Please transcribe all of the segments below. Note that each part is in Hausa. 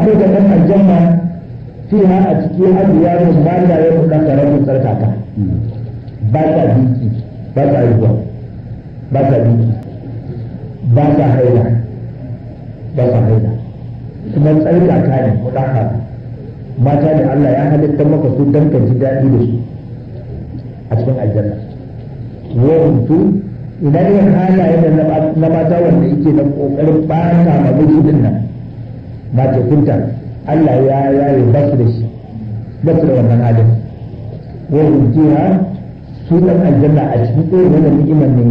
sai da ɗan aljanna ha a ciki cikin adiyarin ba da ya kuɗa karamin sarkaka ba ta biki ba ta haihuwa ba ta biki ba ta haila ba ta haila kuma tsarkaka ne kuɗa mata ne Allah ya halitta maka su don ka ji daɗi da su a cikin aljanna wawantu idan ya halaye da na mata wanda yake da ƙoƙarin ɓata ma mijin nan ba ke kunta Allah ya yaye basu da shi basu da wannan adam wa yujiha su dan aljanna a cikin irin wannan ni'imar ne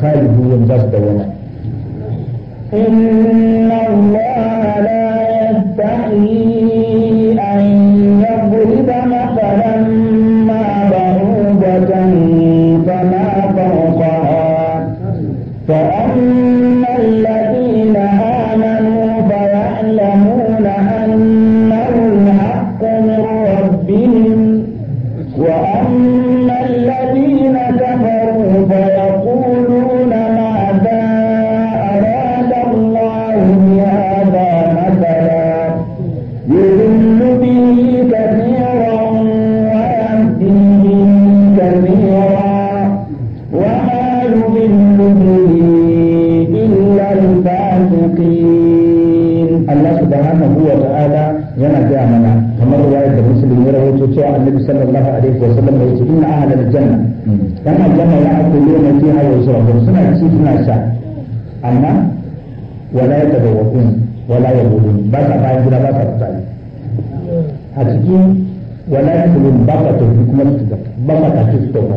khalidun za su dawama inna Allah la yastahi yake cewa annabi sallallahu alaihi wa sallam ya ce inna ahlal janna dan aljanna ya akulu na fiha yusrafun suna ci suna sha amma wala ya yatadawwaqun wala ya yabudun ba ta ba gida ba ta fitari a cikin wala ya yatulun ba ta tofi kuma su ta ba ta ci su ba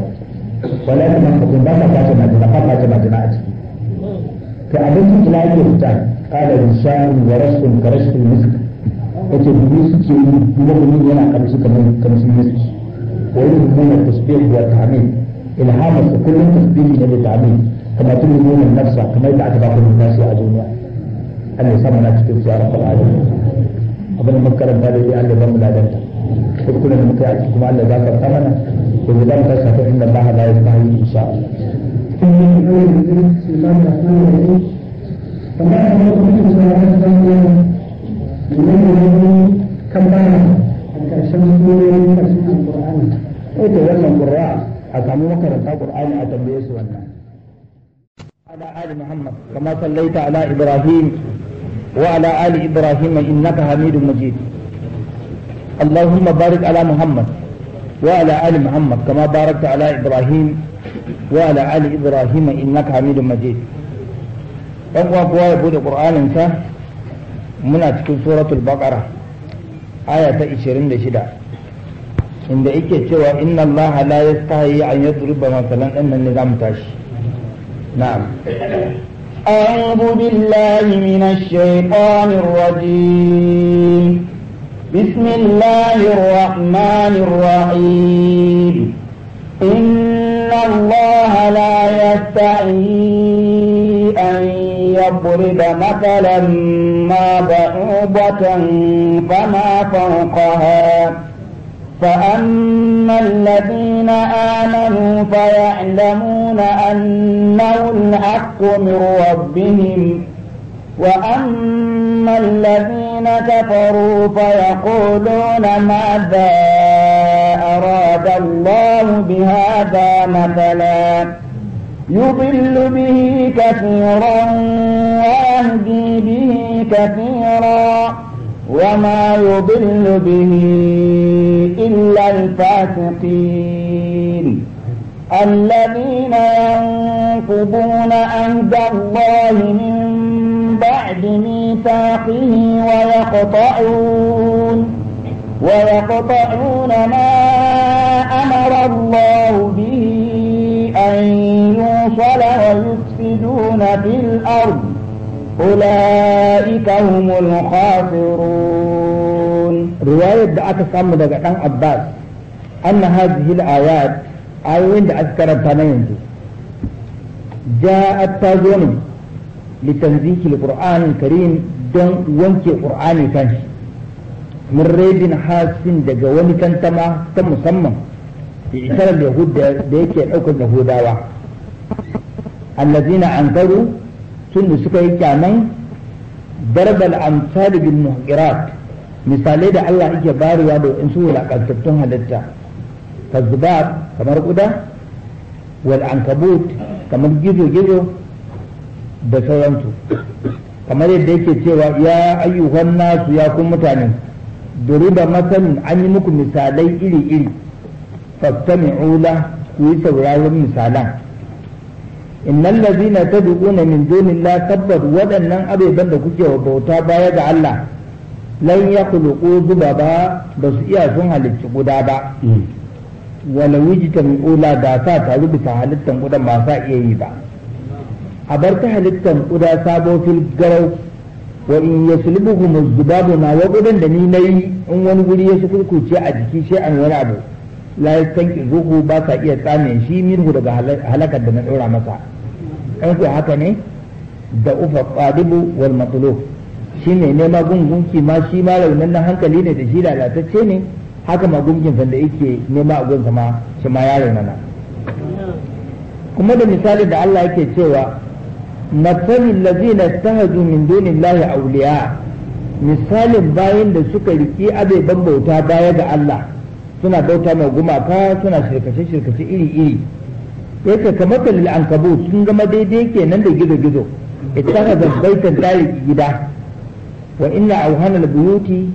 wala ya yatulun ba ta ba ta majina ba ta ba majina a ciki ka abin da yake fita qala insanu wa rasul karashu miska ya ce biyu suke yi mummuni yana kamshi kamar kamshin miski ويلزمون التسبيح والتعميم الهام كل تسبيح للتعميم كما تلزمون النفس كما يدعك بعض الناس يا دنيا اللي سمعنا تسبيح يا رب العالمين أظن مكرم هذا اللي قال لي بم لا دنت فكل المتعتكم على ذاك الثمن وإذا لم تسبح إن الله لا يستحيي إن شاء الله. بسم الله الرحمن الرحيم. wannan da ne kan bana a ƙarshen sunan ƙarshen alƙur'ani eh ta wannan qur'a a samu makaranta qur'ani a tambaye su wannan على آل محمد كما صليت على إبراهيم وعلى آل إبراهيم إنك حميد مجيد اللهم بارك على محمد وعلى آل محمد كما باركت على إبراهيم وعلى آل إبراهيم إنك حميد مجيد ɗan uwa kowa ya bude ƙur'aninsa muna cikin suratul baqara aya ta 26 inda yake cewa inna allaha la yastahi an yadriba masalan dan nan ne zamu tashi na'am أعوذ بالله من الشيطان الرجيم بسم الله الرحمن الرحيم إن الله لا يستحيي ضرب مثلا ما بعوضة فما فوقها فأما الذين آمنوا فيعلمون أنه الحق من ربهم وأما الذين كفروا فيقولون ماذا أراد الله بهذا مثلاً يضل به كثيرا ويهدي به كثيرا وما يضل به إلا الفاسقين الذين ينقضون عهد الله من بعد ميثاقه ويقطعون ويقطعون ما أمر الله به يفسدون في الأرض أولئك هم الخاسرون رواية دعاك سامو دعاك عباس أن هذه الآيات آيوين دعاك كربتانين جاءت تازوني لتنزيك القرآن الكريم دون وانك القرآن كانش من ريب حاس دقا واني تما تم في بإشارة اليهود ديك يحوك اليهوداوة allazina ankaru tunda suka yi kyaman darbal amsal bil muhqirat misalai da Allah yake barewa da in su wulakantattun halitta kazbab kamar kuda wal ankabut kamar gizo gizo da sauransu kamar yadda yake cewa ya ayyukan nasu ya kun mutane duriba masanin an yi muku misalai iri iri fastami'u la ku yi sauraron misalan innan ta ladzina tad'una min dunillahi tabbat waɗannan abeban da kuke wa bauta baya ga Allah lan yakhluqu zuba ba ba su iya sun halicci guda ba hmm. wala wujita min ula da sa ta rubuta halittan gudan ba sa iya yi ba a bar ta halittan guda sabo fil garau wa in yaslubuhum zubabu na wa gudan da ni nayi in wani guri ya sukurkuce a jiki sai an wani abu la yastanqizuhu ba sa iya tsame shi minhu daga halakar da na ɗora masa in ku haka ne da ufa qadibu wal matlub shi ne magungunki ma shi ma raunin na hankali ne da shi lalatacce ne haka ma san da yake nema a gunsa ma shi ma ya raunana kuma da misali da Allah yake cewa matsalin lazina ta min dunin lahi auliya misalin bayan da suka riƙi abe bauta baya ga Allah suna bauta mai gumaka suna shirkace-shirkace iri-iri yake kamar kalil an kabu sun gama daidai kenan da gizo-gizo ita ittakhadha baitan tariqi gida wa inna awhanal buyuti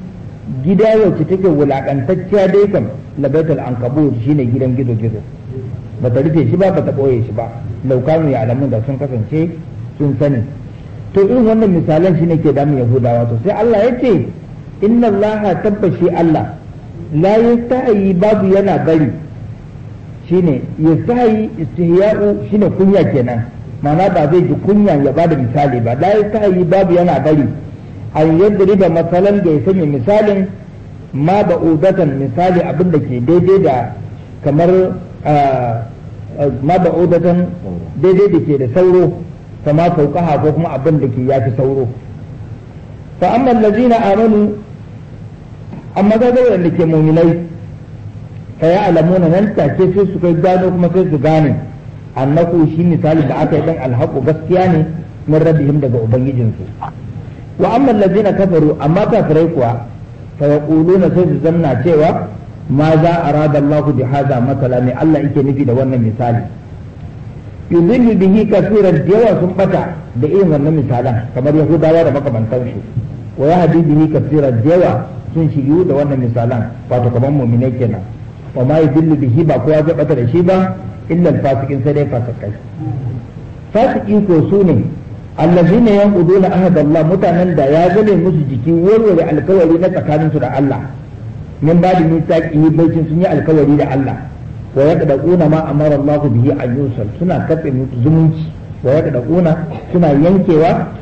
gida wacce take wulakantacciya dai kam labaital an kabo shine gidan gizo-gizo ba ta rufe shi ba bata boye shi ba laukanu ya alamun da sun kasance sun sani to in wannan misalan shine ke damun yahudawa to sai Allah ya ce inna allaha tabbashi Allah la yastahi babu yana bari shine yastahi istihya'u shine kunya kenan mana ba zai ji kunya ya ba da misali ba la yastahi babu yana bari an yadriba masalan da ya sanya misalin ma misali abin da ke daidai da kamar ma daidai da ke da sauro kama sauƙaha ko kuma abin da ke yafi sauro fa amma amanu amma ga waɗanda ke muminai fa ya na nan take sai su kai gano kuma sai su gane annaku shi misali da aka yi dan alhaqu gaskiya ne min rabbihim daga ubangijinsu wa amma allazina kafaru amma kafirai kuwa fa yaquluna sai su zanna cewa ma za arada Allah bi hada matala ne Allah yake nufi da wannan misali yudhillu bihi kafiran da yawa sun bata da irin wannan misalan kamar yahudawa da makamantansu wa yahdi bihi kafiran da yawa sun shiryu da wannan misalan wato kaman mumine kenan wa ma yudillu bihi ba kowa zai bata da shi ba illa fasikin sai dai fasikai fasiki ko su ne allazina yanquduna ahad Allah mutanen da ya gane musu jiki warware alkawari na tsakaninsu da Allah min ba da mitaqi baicin sun yi alkawari da Allah wa yaqdaquna ma amara Allah bihi an suna katse zumunci wa yaqdaquna suna yankewa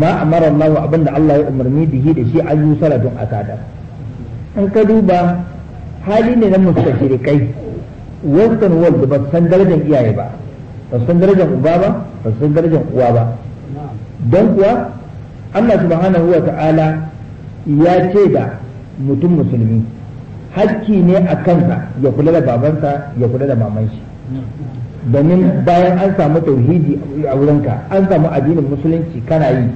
ma amara Allah abinda Allah ya umarni bihi da shi an yi salatun akada an ka duba hali ne na kai western world ba san darajar iyaye ba ba san darajar uba ba ba san darajar uwa ba don kuwa Allah subhanahu wa ta'ala ya ce da mutum musulmi hakki ne a kansa ya kula da babansa ya kula da maman shi domin bayan an samu tauhidi a wurinka an samu addinin musulunci kana yi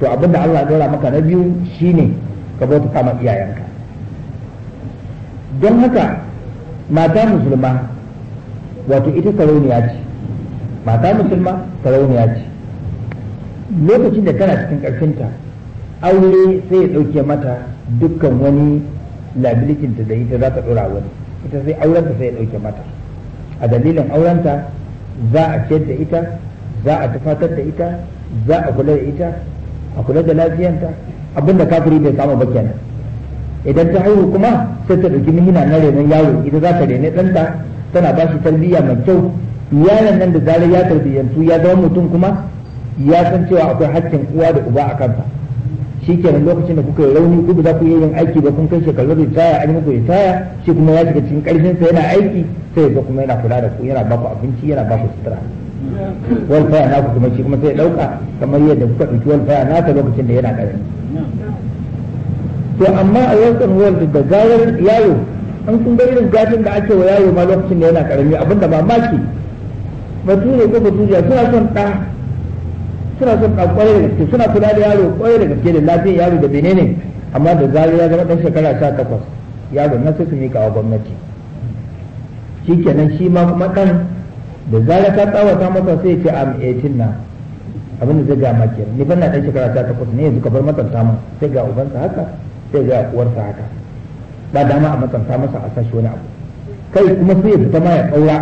to abin da Allah dora maka na biyu shine ka bauta kama iyayenka don haka mata musulma wato ita sarauniya ce mata musulma sarauniya ce lokacin da tana cikin ƙarfinta aure sai ya ɗauke mata dukkan wani labilitinta da ita za ta ɗora wani ita sai aurenta sai ya ɗauke mata a dalilin aurenta za a ciyar da ita za a tufatar da ita za a kula da ita a kula da lafiyanta abinda kafiri bai samu ba kenan idan ta haihu kuma sai ta ɗauki mihina na renon yaro ita za ta rene ɗanta tana ba shi tarbiyya mai kyau yaron nan da zarar ya tarbiyyantu ya zama mutum kuma ya san cewa akwai haƙƙin uwa da uba a kansa shi kenan lokacin da kuka yi rauni ku za ku iya yin aiki ba kun kai shekaru da taya an muku taya shi kuma ya shiga cikin ƙarfinsa yana aiki sai ga kuma yana kula da ku yana ba ku abinci yana ba ku sutura walfaya ku kuma shi kuma sai dauka kamar yadda kuka ɗauki walfaya ta lokacin da yana ƙarami to amma a yankin world da gawar yayo an kun gari da gafin da ake wa yayo ma lokacin da yana ƙarami abinda mamaki bature ko baturiya suna son ɗa suna son ɗa ƙwarai da gaske suna kula da yaro ƙwarai da gaske da lafiyar yaro da menene amma da zarar ya zama ɗan shekara sha takwas yaro na sai su miƙa wa gwamnati shi kenan shi ma maɗan da zarar ka tsawata masa sai ya ce am 18 eh, na abinda zai ga maki ni ban na ɗan shekara ta takwas ne yanzu ka bar matsanta mun sai ga ubansa haka sai ga uwarsa haka ba dama a matsanta masa a sashi wani abu kai kuma sai ya fita ma ya ƙaura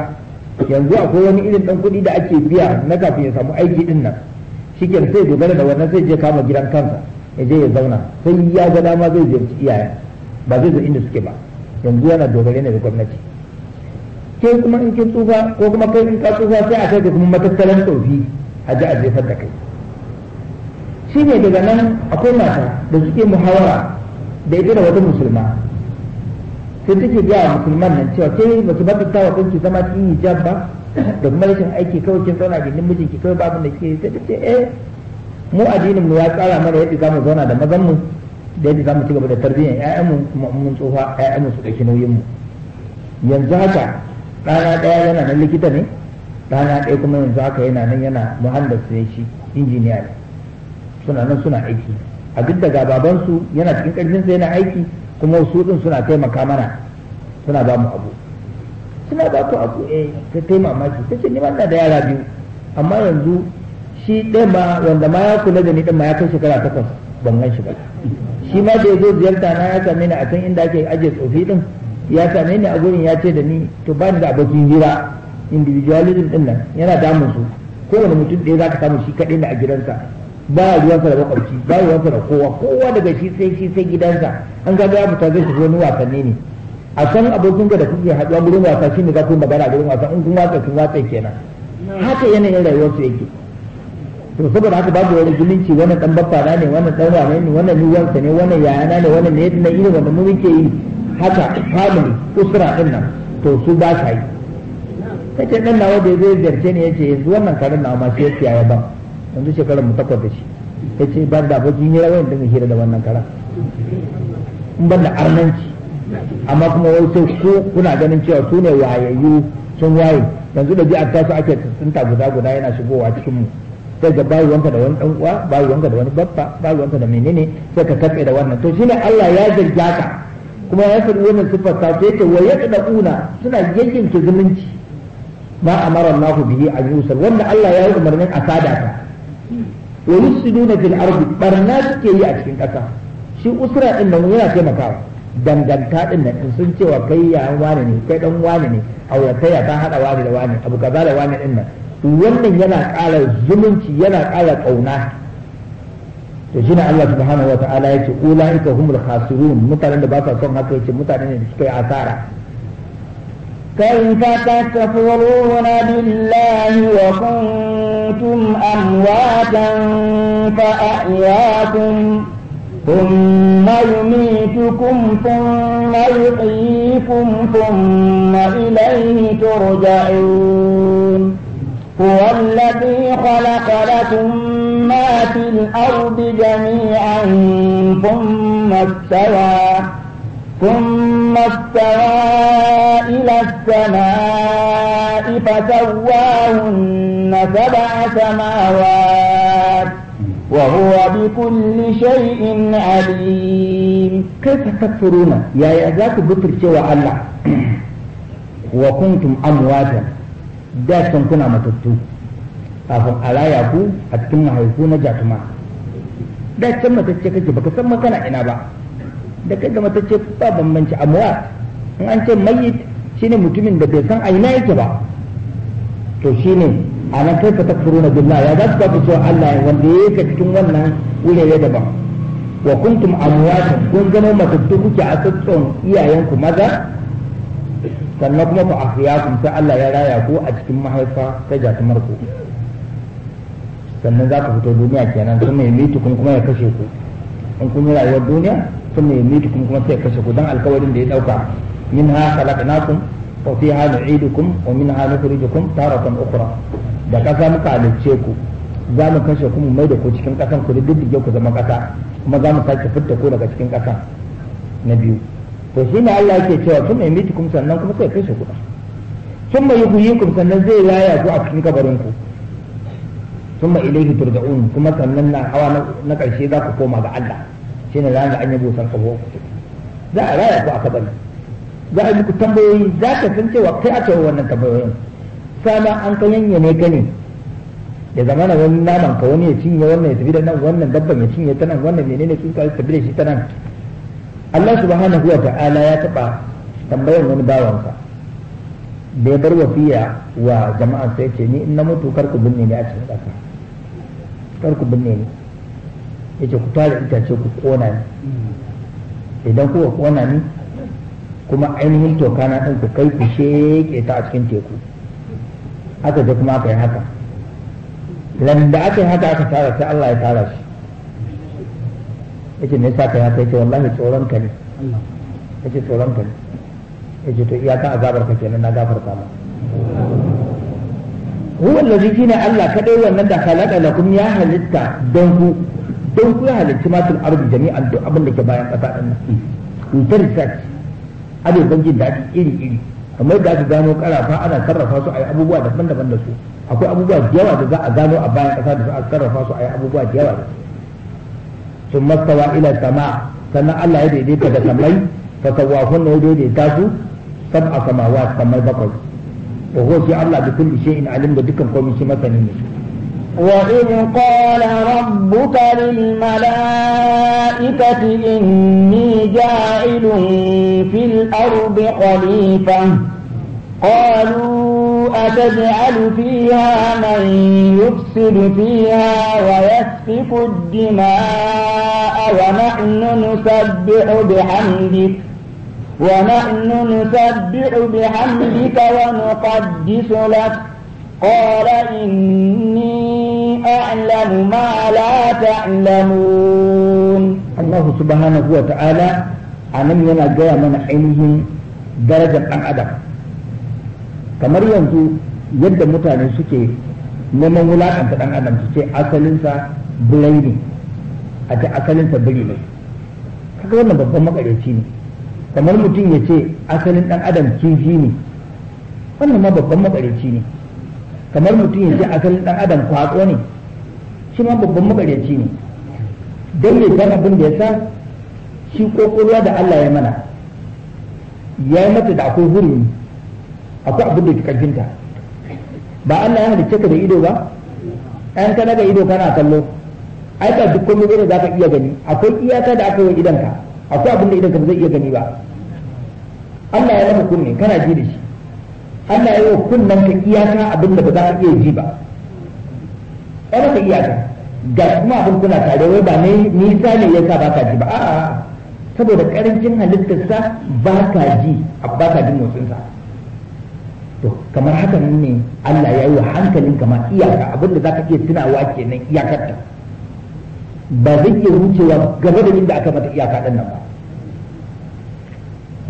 yanzu akwai wani irin ɗan kuɗi da ake biya na kafin ya samu aiki ɗin nan shi kenan sai dogara da wannan sai je kama gidan kansa ya je ya zauna sai ya ga dama zai ziyarci iyaye ba zai zo inda suke ba yanzu yana dogare ne da gwamnati ke kuma in kin tsufa ko kuma kai in ka tsufa sai a kai da kuma matattalan tsofi a ji a jefar da kai shi ne daga nan akwai mata da suke muhawara da ita da wata musulma sai take a musulman nan cewa ke ba su bata tawa kanki zama yi hijab ba da kuma rashin aiki kawai kin zauna nin mijinki kawai babu da ke sai tace eh mu addinin mu ya tsara mana yadda zamu zauna da mazan mu da yadda zamu ci gaba da tarbiyyar ƴaƴanmu kuma mun tsufa ƴaƴanmu mu su dauki nauyin mu yanzu haka rana ɗaya yana nan likita ne rana ɗaya kuma yanzu haka yana nan yana muhandas ne shi injiniya ne suna nan suna aiki a duk daga babansu yana cikin sa yana aiki kuma su din suna taimaka mana suna ba mu abu suna ba ku abu eh ta taimaka maki ta ce ni ma da yara biyu amma yanzu shi ɗaya ma wanda ma ya kula da ni ɗin ma ya kai shekara takwas ban gan shi ba shi ma da ya zo ziyarta na ya same ni a can inda ake ajiye tsofi ɗin ya same ni a gurin ya ce da ni to ba ni da abokin hira individualism din nan yana damun su kowane mutum ɗaya za ka samu shi kaɗai da a gidansa ba ruwansa da makwabci ba ruwansa da kowa kowa daga shi sai shi sai gidansa an ga ya fita zai wani wasanni ne a san abokin ka da kuke haɗuwa gurin wasa shi ne za ku magana gurin wasa in kun watsa kun watsa kenan haka yanayin rayuwar su yake to saboda haka babu wani zumunci wannan dan baffa ne wannan dan wane ne wannan ni wansa ne wannan yayana ne wannan ne na irin wani mu muke yi haka family usra din nan to su ba sa yi sai ce dan nawa da ya zai zarce ne yace yanzu wannan karin nawa ma sai ya ban yanzu shekarar mu takwas da shi yace ban da bakin hira wani dinga hira da wannan kara in ban da arnanci amma kuma wai sai ku kuna ganin cewa su ne wayayyu sun waye yanzu da bi'ar tasu ake tsinta guda guda yana shigowa cikin mu sai ga bayi wanka da wani uwa bayi wanka da wani babba bayi wanka da menene sai ka katse da wannan to shine Allah ya zarga ka kuma ya faɗi wannan siffar ta ce ta waye da ƙuna suna ke zumunci ma amara Allah bihi a yusar wanda Allah ya yi umarnin a sada ta wa yusiduna fil ardi barna suke yi a cikin ƙasa shi usra din nan yana taimakawa danganta din nan in sun cewa kai ya wani ne kai dan wani ne auratayya ta hada wani da wani abu kaza da wani din nan wannan yana ƙara zumunci yana ƙara ƙauna to shine Allah subhanahu wa ta'ala yace ulaika humul khasirun mutanen da ba sa son haka yace mutanen da suka yi asara كيف تكفرون بالله وكنتم أمواتا فأحياكم ثم يميتكم ثم يحييكم ثم إليه ترجعون هو الذي خلق لكم ما في الأرض جميعا ثم استوى ثم استوى إلى السماء فسواهن سبع سماوات وهو بكل شيء عليم كيف تكفرون يا يا ذاك بكر سوى الله وكنتم أمواتا da can kuna matattu kafin a ku a cikin mahaifu na jatuma da can matacce kake baka san kana ina ba da kai ga matacce ba bambanci amwat in an ce shi ne mutumin da bai san a ina yake ba to shine a nan kai ka na billah ya za su kafa cewa Allah wanda ya yake cikin wannan wurare daban wa kuntum amwatan kun zama matattu kuke a tsatson iyayenku maza sannan kuma fa kun sai Allah ya raya ko a cikin mahaifa ta kamar ku sannan za ku fito duniya kenan sun mai kun kuma ya kashe ku in kun yi rayuwar duniya sun mai miti kun kuma sai ya kashe ku dan alkawarin da ya dauka min ha khalaqnakum wa fiha nu'idukum wa min ha nukhrijukum taratan ukhra da kasa muka halicce ku za mu kashe ku mu mai da ku cikin kasan ku diddige ku zama kasa kuma za mu sake fitta ku daga cikin kasa na biyu to shi ne Allah yake cewa sun mai miti kuma sannan kuma sai kashe ku sun mai yi kuma sannan zai laya ku a cikin kabarin ku sun mai ilaihi turja'un kuma sannan na hawa na ƙarshe za ku koma ga Allah shi ne ranar an yi busan kabo za a laya ku a kabarin za a yi ku tambayoyi za ka san cewa kai a cewa wannan tambayoyin sana an ka ne ka ne ya zama na wani naman ka wani ya cinye wannan ya tafi da nan wannan dabban ya cinye ta nan wannan menene sun ka tafi da shi ta nan Allah subhanahu wa ta'ala ya taɓa tambayar wani bawansa da ya bar wafiya wa jama'a sai ce ni in na mutu kar ku binne ni a cikin ƙasa kar ku binne ni yace ku tare itace ku kona ni idan kuka kona ni kuma ainihin toka na ɗin ku kai ku sheke ta a cikin teku aka je kuma aka yi haka da aka yi haka aka tara sai Allah ya tara shi yace me yasa kai haka yace wallahi tsoron ka ne yace tsoron ka ne yace to iyaka azabar ka kenan na gafarta ma huwa allazi ne Allah kadai wannan da khalaqa lakum ya halitta don ku don ku ya halitta ma fil ardi jami'an duk abin da ke bayan kasa din nan intersex bangin da ake iri iri kamar da aka gano karafa ana sarrafa su a yi abubuwa daban-daban da su akwai abubuwa da yawa da za a gano a bayan ƙasa da su a sarrafa su a yi abubuwa da yawa da su ثم استوى إلى السماء سنة الله يدي تسمي فسواهن يدي تاسو سبع سماوات سمي بقر وهو شيء الله بكل شيء علم بكم قوم شيء مثلا وإذ قال ربك للملائكة إني جاعل في الأرض خليفة قالوا ولا تجعل فيها من يفسد فيها ويسفك الدماء ونحن نسبح بحمدك ونحن نسبح بحمدك ونقدس لك قال إني أعلم ما لا تعلمون الله سبحانه وتعالى أنا من جاء من حينهم درجة أم أدب kamar yanzu yadda mutane suke neman wulakanta dan adam su ce asalinsa birai ne a ce asalinsa biri ne kaga wannan babban makareci ne kamar mutum ya ce asalin dan adam kifi ne wannan ma babban makareci ne kamar mutum ya ce asalin dan adam kwatso ne shi ma babban makareci ne don ya san abin da ya sa shi kokolwa da Allah ya mana ya yi mata da akwai hurumi akwai abin da ke karfinta ba Allah ya halicce ka da ido ba ɗan kana ga ido kana kallo ai ka duk komai irin zaka iya gani akwai iyaka da aka yi idan ka akwai abin da idan ka zai iya gani ba Allah ya maka kunni kana ji da shi Allah ya yi kunnan ka iyaka abin da ba za ka iya ji ba ai maka iyaka ga kuma abin kuna tare wai ba ne nisa ne sa ba ka ji ba a'a saboda karancin halittarsa ba ka ji ba ka jin motsinsa to kamar haka ne Allah ya yi wa hankalin kamar iyaka abinda za ka iya tunawa kenan iyakar ta ba zai iya wucewa gaba da inda aka mata iyaka ɗan nan ba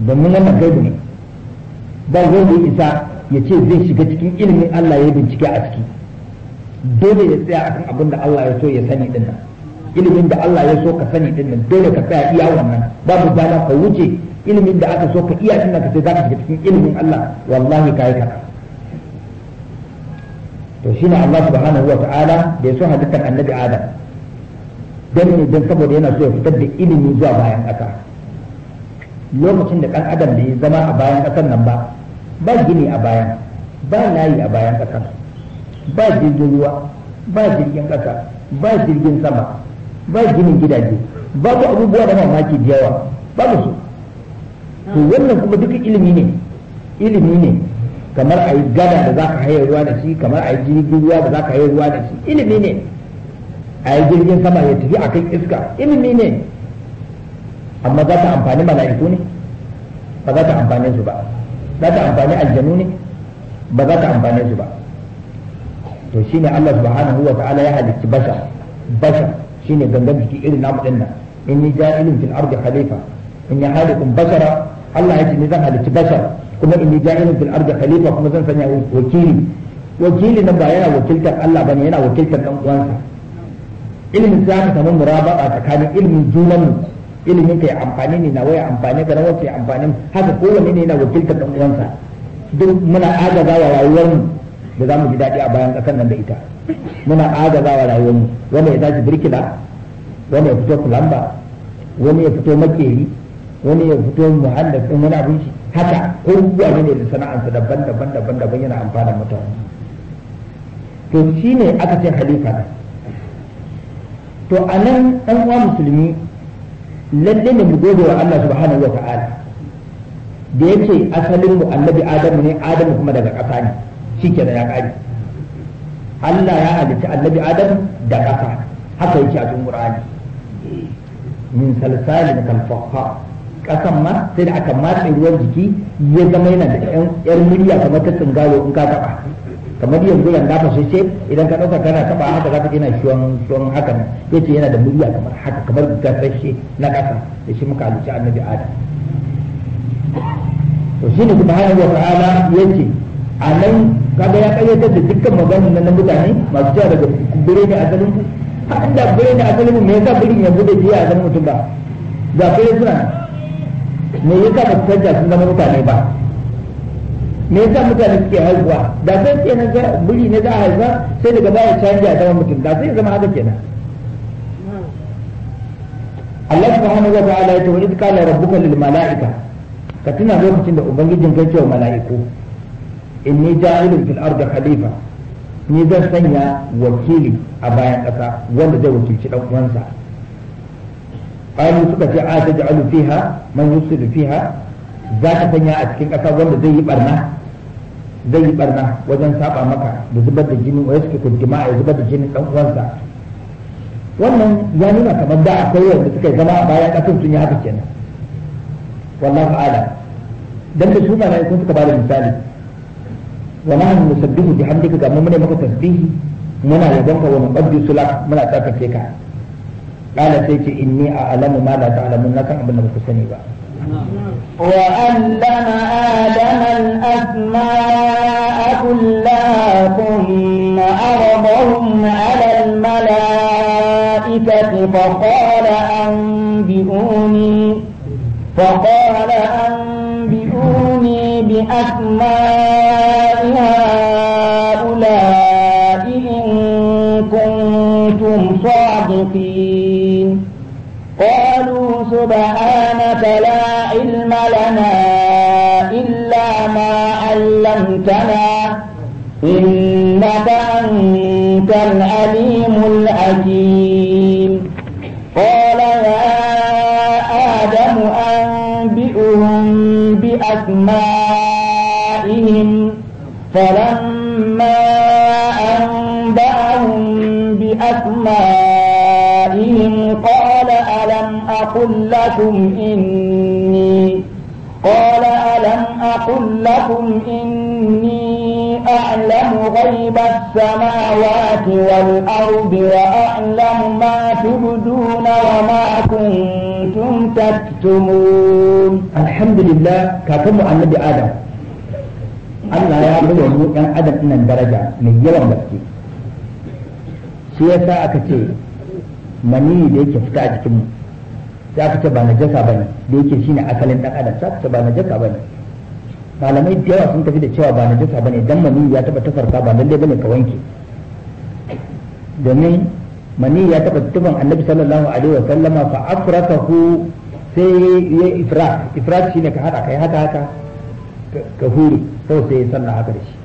domin wannan gaibu ne ba wanda isa ya ce zai shiga cikin ilimin Allah ya bincike a ciki dole ya tsaya akan abin da Allah ya so ya sani ɗin nan ilimin da Allah ya so ka sani ɗin nan dole ka tsaya iya wannan babu dama ka wuce ilimin da aka so ka iya tunda ka sai za ka shiga cikin ilimin Allah wallahi ka yi kaɗan to shi ne Allah subhanahu wa ta'ala da ya so halittar annabi Adam don ne don saboda yana so ya fitar da ilimi zuwa bayan ƙasa lokacin da ɗan adam da ya zama a bayan ƙasar nan ba ba gini a bayan ba layi a bayan ƙasar ba jirgin ruwa ba jirgin ƙasa ba jirgin sama ba ginin gidaje babu abubuwa da mamaki da yawa ba su to wannan kuma duka ilimi ne ilimi ne kamar a yi gada da za ka haye ruwa da shi kamar a yi jirgin ruwa da za ka haye ruwa da shi ilimi ne a yi jirgin sama ya tafi a kan iska ilimi ne amma za ta amfani mala'iku ne ba za ta amfani su ba za ta amfani aljanu ne ba za ta amfani su ba to shine Allah subhanahu wa ta'ala ya halicci basha bashar shine gangan jiki irin namu din nan inni ja'ilun fil ardi khalifa inni halikum basara. Allah ya ce ni zan halicci bashar kuma inni ja'ilun bil arda khalifa kuma zan sanya wakili wakili nan ba yana wakiltar Allah bane yana wakiltar dan uwansa ilimin za ka samu murabata tsakanin ilimin junanmu ilimin ka ya amfani ne na waya amfani ka na wace amfanin haka kowanne ne yana wakiltar dan uwansa duk muna rayuwar rayuwarmu da za ji daɗi a bayan kasan nan da ita muna rayuwar rayuwarmu wanda ya tashi birkila wanda ya fito kulamba wani ya fito makeri wani ya fito muhallaf ɗin wani abin shi haka kowa ne da sana'arsa daban daban daban daban yana amfana mutane to shi ne aka ce halifa to a nan ɗan uwa musulmi lalle ne mu gode wa Allah subhanahu wa ta'ala da yake asalin mu annabi adamu ne adamu kuma daga ƙasa ne shikenan ya ƙare Allah ya halitta annabi adamu da ƙasa haka yake a cikin Qur'ani min salsalin kalfaqa kasan ma sai da aka matse ruwan jiki ya zama yana da yan murya kamar ta tsingalo in ka taba kamar yanzu randa fashe ce idan ka dauka kana taba haka za ta gina shiwon shuwan haka ya yace yana da murya kamar haka kamar fashe na kasa da shi muka halicci annabi adam to shine subhanahu wa ya yace a nan kaga ya kayyatar da dukkan maganin na mutane masu cewa daga bire ne asalin ku a inda bire ne asalin ku me yasa birin ya bude jiya a zan mutum ba ga kai suna me yasa ba su canja sun zama mutane ba me yasa mutane suke haihuwa da sai ce na buri ne za a haifa sai daga baya canja zama mutum da sai zama haka kenan Allah subhanahu wa ta'ala ya ce wa idh qala rabbuka lil mala'ika ka tuna lokacin da ubangijin kai ce wa mala'iku inni ja'ilun fil ardi khalifa ni zan sanya wakili a bayan ƙasa wanda zai wakilci dan uwansa قالوا suka ce a taj'alu fiha man yusidu fiha za ka sanya a cikin ƙasa wanda zai yi barna zai yi barna wajen saba maka da zubar da zubar da jinin wannan ya nuna kamar da akwai wanda suka zama a bayan ƙasar sun yi haka kenan wallahu a'lam dan da su mala'ikun suka bada misali wa nahnu nusabbihu bihamdika ga mu ne maka tasbihi muna yabonka wa lak muna tsarkake ka lala sai ke in ni alamu malama alamun na kai abin da ba sani ba. wa allah adana asma akulla hukumar horumar al-bala'i da ta bi asma. سبحانك لا علم لنا إلا ما علمتنا إنك أنت العليم الحكيم قال يا آدم أنبئهم بأسمائهم فلما أنبأهم بأسمائهم أقل لكم إني قال ألم أقل لكم إني أعلم غيب السماوات والأرض وأعلم ما تبدون وما كنتم تكتمون الحمد لله كفم عن نبي آدم Allah ya fi wa ɗan adam ɗinan daraja mai yawan gaske shi ya sa aka ce mani da yake fita a jikinmu za ta ce ba najasa ba ne da yake shine asalin dan adam za ta ce ba najasa ba ne malamai da yawa sun tafi da cewa ba najasa ba ne dan mani ya taba tafarka ba dai bane ka wanke domin mani ya taba tufan annabi sallallahu alaihi wa sallama fa afrakahu sai ya ifrat ifrat shine ka hada kai haka haka ka huri sau sai ya sanna haka da shi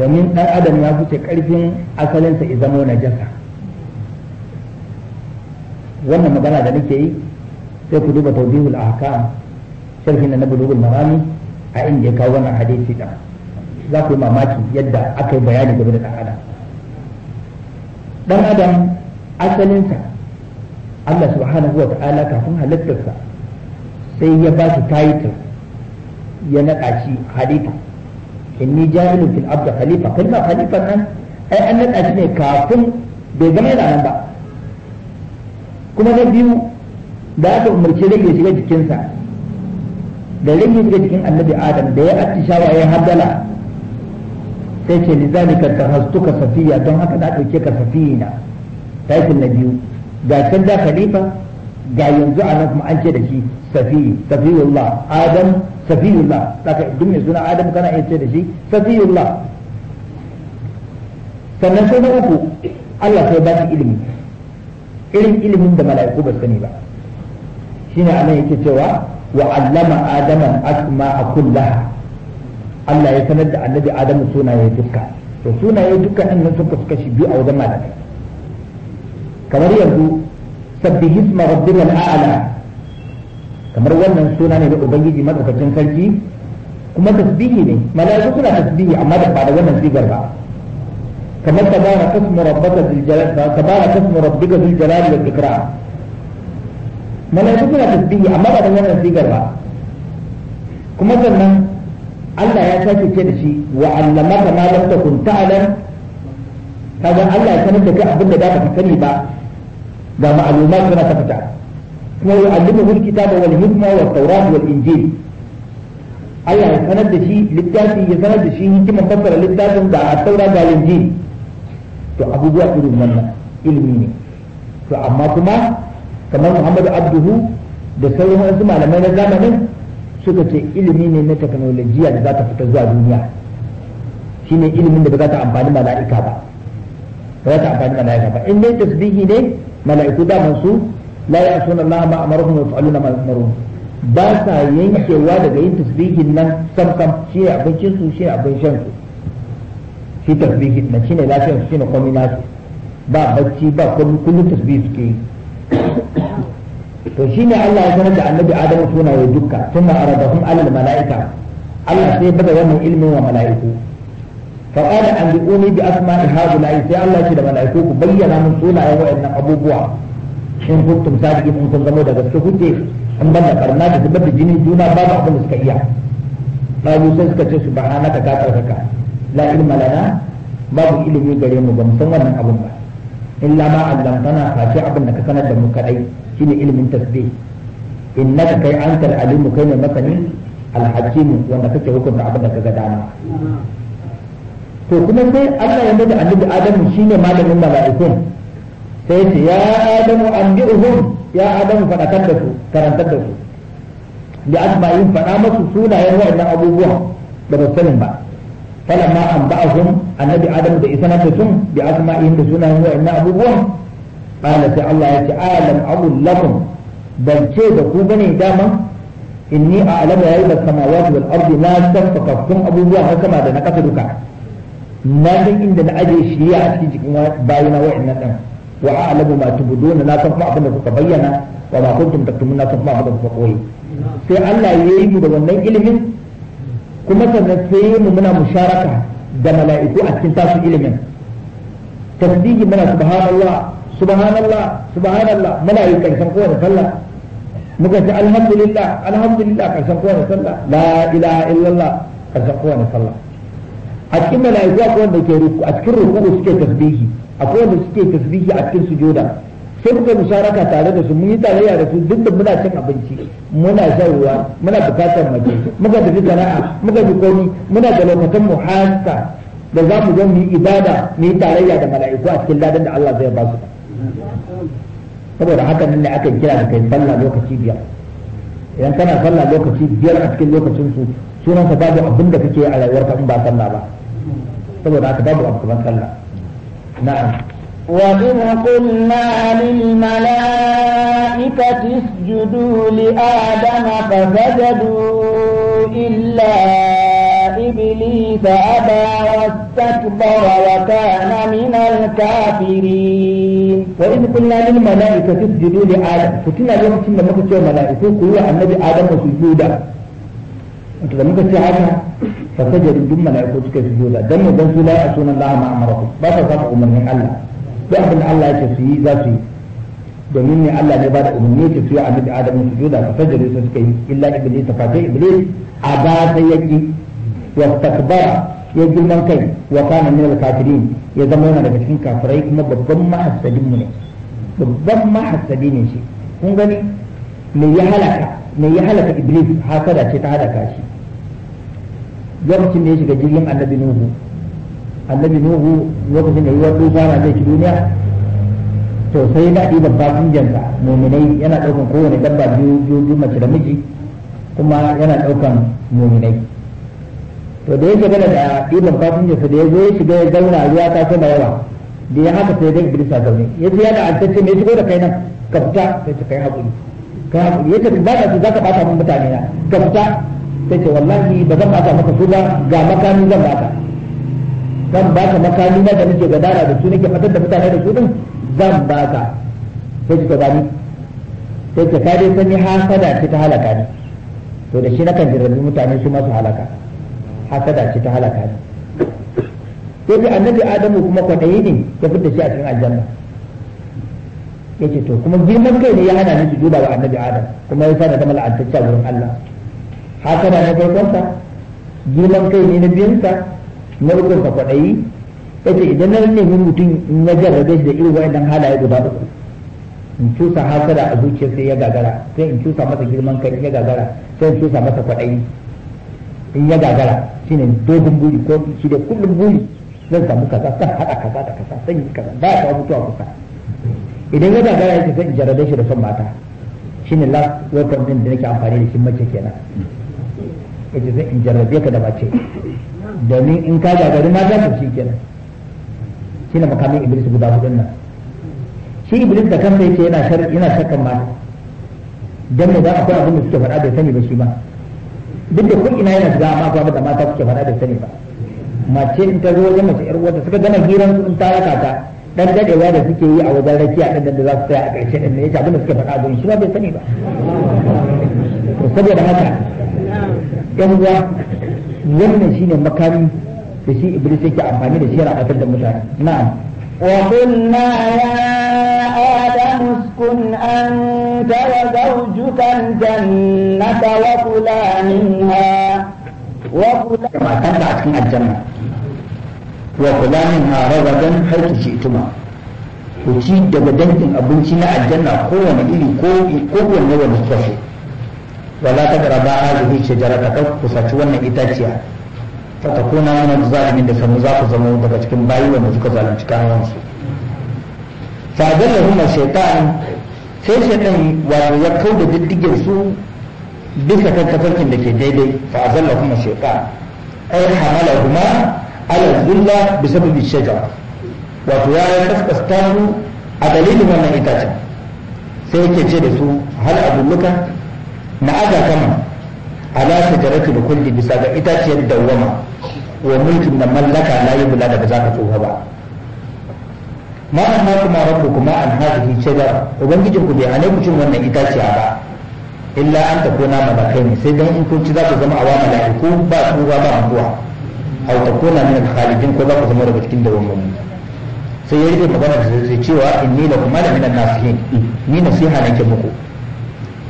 domin dan adam ya fice karfin asalinsa ya zama najasa wannan magana da nake yi sai ku duba tawbihul ahkam sharhin na bulugul marami a inda ya kawo wannan hadisi da za ku yi mamaki yadda aka yi bayani game da dan adam dan adam asalinsa Allah subhanahu wa ta'ala kafin halittarsa sai ya ba shi title ya naɗa shi halifa inni ja'ilu fil abda khalifa kalma khalifa nan ai an naɗa shi ne kafin bai zama yana nan ba kuma na biyu da aka umarci rage shiga jikinsa da rage shiga jikin annabi adam da ya attishawa ya haddala sai ce ni zalika ka hastuka safiya don haka na ɗauke ka safiyina taifin na biyu ga can da khalifa ga yanzu a nan kuma an ce da shi safi safiyullah adam safiyullah zaka duk mai suna adam kana iya ce da shi safiyullah sannan sai na uku Allah sai ba shi ilimi irin ilimin da mala'iku ba sani ba shine anan yake cewa wa allama adama a kullaha Allah ya sanar da annabi Adamu sunaye duka to sunaye duka ɗin nan suka suka shi biyu a wajen malamai kamar yanzu sabbi hisma rabbikal a'la kamar wannan suna ne da ubangiji madaukakin sarki kuma tasbihi ne malaiku suna tasbihi amma da ba da wannan sigar ba كما تبارك اسم ربك ذي الجلال تبارك اسم ربك ذي الجلال والإكرام mala'iku suna tasbihi amma ba da wannan sigar ba kuma sannan Allah ya sake ce da shi wa allamaka ma lam takun ta'lam kaga Allah ya sanar da kai abin da baka sani ba ga ma'lumat suna ta fita kuma ya allimu kitaba wal hikma wat tawrat wal injil Allah ya sanar da shi littafi ya sanar da shi hikiman fassara littafin da at-taurat da injil to abubuwa irin wannan ilimi ne to amma kuma kamar muhammadu abduhu da sauran wasu malamai na zamanin suka ce ilimi ne na teknolojiya da za ta fita zuwa duniya shine ilimin da ba za ta amfani mala'ika ba ba za ta amfani mala'ika ba in dai tasbihi ne mala'iku daman su la ya'suna Allah ma amaruhum wa yaf'aluna ma yu'marun ba sa yankewa daga yin tasbihin nan sam sam shi abin abincinsu shi ne abincinsu. shi tasbihi nan shine lafiyar su shine komai nasu ba bacci ba kullum tasbihi suke yi to ne Allah ya sanar da annabi Adamu duka dukka suna aradahum alal mala'ika Allah sai bada wannan ilmin wa mala'iku fa qala anbi'uni bi asma'i haula'i sai Allah ya ce da mala'iku ku bayyana mun sunayen wa'annan abubuwa in kuntum sadiqin in kun zamo da gaske kuke in banda karna da zubar da jinin juna babu abin da suka iya ɗalu sai suka ce subhanaka ka tsarkaka la ilma lana babu ilimi gare mu ba mu san wannan abun ba illa ma allamtana face abin da ka sanar da mu kadai shine ilimin tasbih innaka kai antal alimu kai ne masani alhakimu wanda kake hukunta abin da kaga dama to kuma sai Allah ya da annabi Adamu shine malamin mala'ikun sai ce ya Adamu anbi'uhum ya Adamu fadakar da su karantar da su da asma'in fada masu sunayen wa'annan abubuwa da ba sanin ba falamma anba'ahum annabi adam da isa na mutum bi asma'i da sunayen wa'annan abubuwa? qala sai Allah ya ce alam aqul ban ce da ku bane dama inni a'lamu ghaiba samawati wal ardi la tanfaqatun abubuwa na ma da na kasa duka na san inda na aje shi a cikin jikin bayina wa'annan din wa a'lamu ma tubduna na san kuma abin da kuka bayyana wa ma kuntum taktumuna san kuma abin da kuka koyi sai Allah ya yi mu da wannan ilimin kuma sannan sai mu muna musharaka da mala'iku a cikin tasu ilimin tasbihi muna subhanallah subhanallah subhanallah muna yi karshen kowace sallah muka ce alhamdulillah alhamdulillah karshen kowace sallah la ilaha illallah karshen kowace sallah a cikin mala'iku akwai wanda ke ruku a cikin ruku suke tasbihi akwai wanda suke tasbihi a cikin sujuda sai kuka musharaka tare da su mun yi tarayya da su duk da muna cin abinci muna shan ruwa muna bukatar mace muka tafi sana'a muka bi komi muna da lokacin muhasa da za mu zo mu yi ibada mu yi tarayya da mala'iku a cikin ladan da Allah zai ba su saboda haka nan ne aka kira da kai sallah lokaci biyar idan kana sallah lokaci biyar a cikin lokacin su sunansa babu abin da kake a rayuwarka in ba sallah ba saboda haka babu abu kamar sallah na'am وإذ قلنا للملائكة اسجدوا لآدم فسجدوا إلا إبليس أبى واستكبر وكان من الكافرين وإذ قلنا للملائكة اسجدوا لآدم فتنا لهم كنا مكتشوا ملائكة كلها نبي آدم سجودا أنت لم ce haka فسجدوا sajadu ملائكة سجودا دم sujuda dan ne dan su la asuna Allah ma duk abin da Allah yake su yi za su yi domin ne Allah ne ba da umarni yake su yi annabi Adam su juda fa sajjadu su suka yi illa iblis ta fata iblis a ba ta yaki wa takbara ya girman kai wa kana min al-kafirin ya zama yana daga cikin kafirai kuma babban mahassadin mu ne babban mahassadi ne shi kun gani me ya halaka me ya halaka iblis hasada ce ta halaka shi lokacin da ya shiga jirgin annabi nuhu annabi nuhu lokacin da ruwan na zai ci duniya to sai na ɗi babba kunjansa muminai yana ɗaukan kowane dabba biyu biyu mace da miji kuma yana ɗaukan muminai to da yake gana da ɗi babba kunjansa da ya zo ya shiga ya zauna ruwa ta da yawa da ya haka sai dai bilisa zaune ya ce yana altacce mai shigo da kai nan ka fita sai ta kai haƙuri kai haƙuri ya ce ba ta su za ka ɓata min mutane na ka fita sai ce wallahi ba zan ɓata maka su ba ga makami zan baka zan baka makami na da nake gadara da su nake fatar da mutane da su din zan baka sai ka gani sai ka kare san ni hasada ce ta halaka ni to da shi na kan jirgin mutane su masu halaka hasada ce ta halaka ni sai bi annabi adamu kuma kwaɗayi ne ya fita shi a cikin aljanna ya ce to kuma girman kai ne ya hana ni duba wa annabi adam kuma ya sa na zama la'antacce wurin allah hasada na farkonsa girman kai ne na biyansa na ukun ka kwaɗayi ce idan na nemi mutum na jarrabe shi da irin wayannan halaye guda uku in cusa hasara a zuciya sai ya gagara sai in cusa masa girman kai ya gagara sai in cusa masa kwaɗayi in ya gagara shi ne dogon buri ko shi da kullum buri zan samu kaza zan haɗa kaza da kaza zan yi kaza ba ka mutuwa kusa idan ya gagara ya ce sai in jarrabe shi da son mata shi ne last welcome din da nake amfani da shi mace kenan ce sai in jarrabe ka da mace domin in ka gagari mata su shi kenan shi ne makamin iblis guda hudun nan shi iblis da kansa yake yana shar yana shakkan ma dan ne da akwai abin da suke faɗa bai sani ba shi ma duk da kun ina yana shiga amma kuma da mata suke faɗa bai sani ba mace in ta zo wajen mace yar uwarta suka gama hiran in ta raka ta dan dadewa da suke yi a wajen rakiya dan da za su tsaya a ƙarshe din ne yace abin da suke faɗa bai shi ma bai sani ba saboda haka yan uwa wannan shine makami da shi iblis yake amfani da shi yana batar da mutane na'am wa qulna ya adam uskun anta wa zawjuka jannata wa kula minha wa kula matan da cikin aljanna wa kula minha rabadan haythu ituma ku ci daga dangin abinci na aljanna kowane iri ko kowane wanne wanda wala ta karaba ce shajara ta kusaci wannan itaciya fa takuna min zalimin da sanu za ku zama daga cikin bayi wanda suka zalunci kayansu. su da adallahum shaytan sai shaytan wato ya kauda diddigin su bisa kan tafarkin da ke daidai fa azallahum shaytan hamala kuma ala zulla bisababi shajara wato ya kaskasta su a dalilin wannan itacen sai yake ce da su hal abulluka na aga kama ala shajaratu da kulli bisa ga itaciyar dawwama wa mulkin da mallaka la bula da ba za ka tsoha ba ma anna kuma rabbu kuma an hadhihi shajara ubangijin ku bai hane ku cin wannan itaciya ba illa an takuna malakai ne sai dan in kun za ku zama awa malaiku ba tsoha ba mutuwa aw takuna min al-khalidin ko za ku zama daga cikin dawwamin sai ya rike magana da zai cewa inni la kuma la min an-nasihin ni nasiha nake muku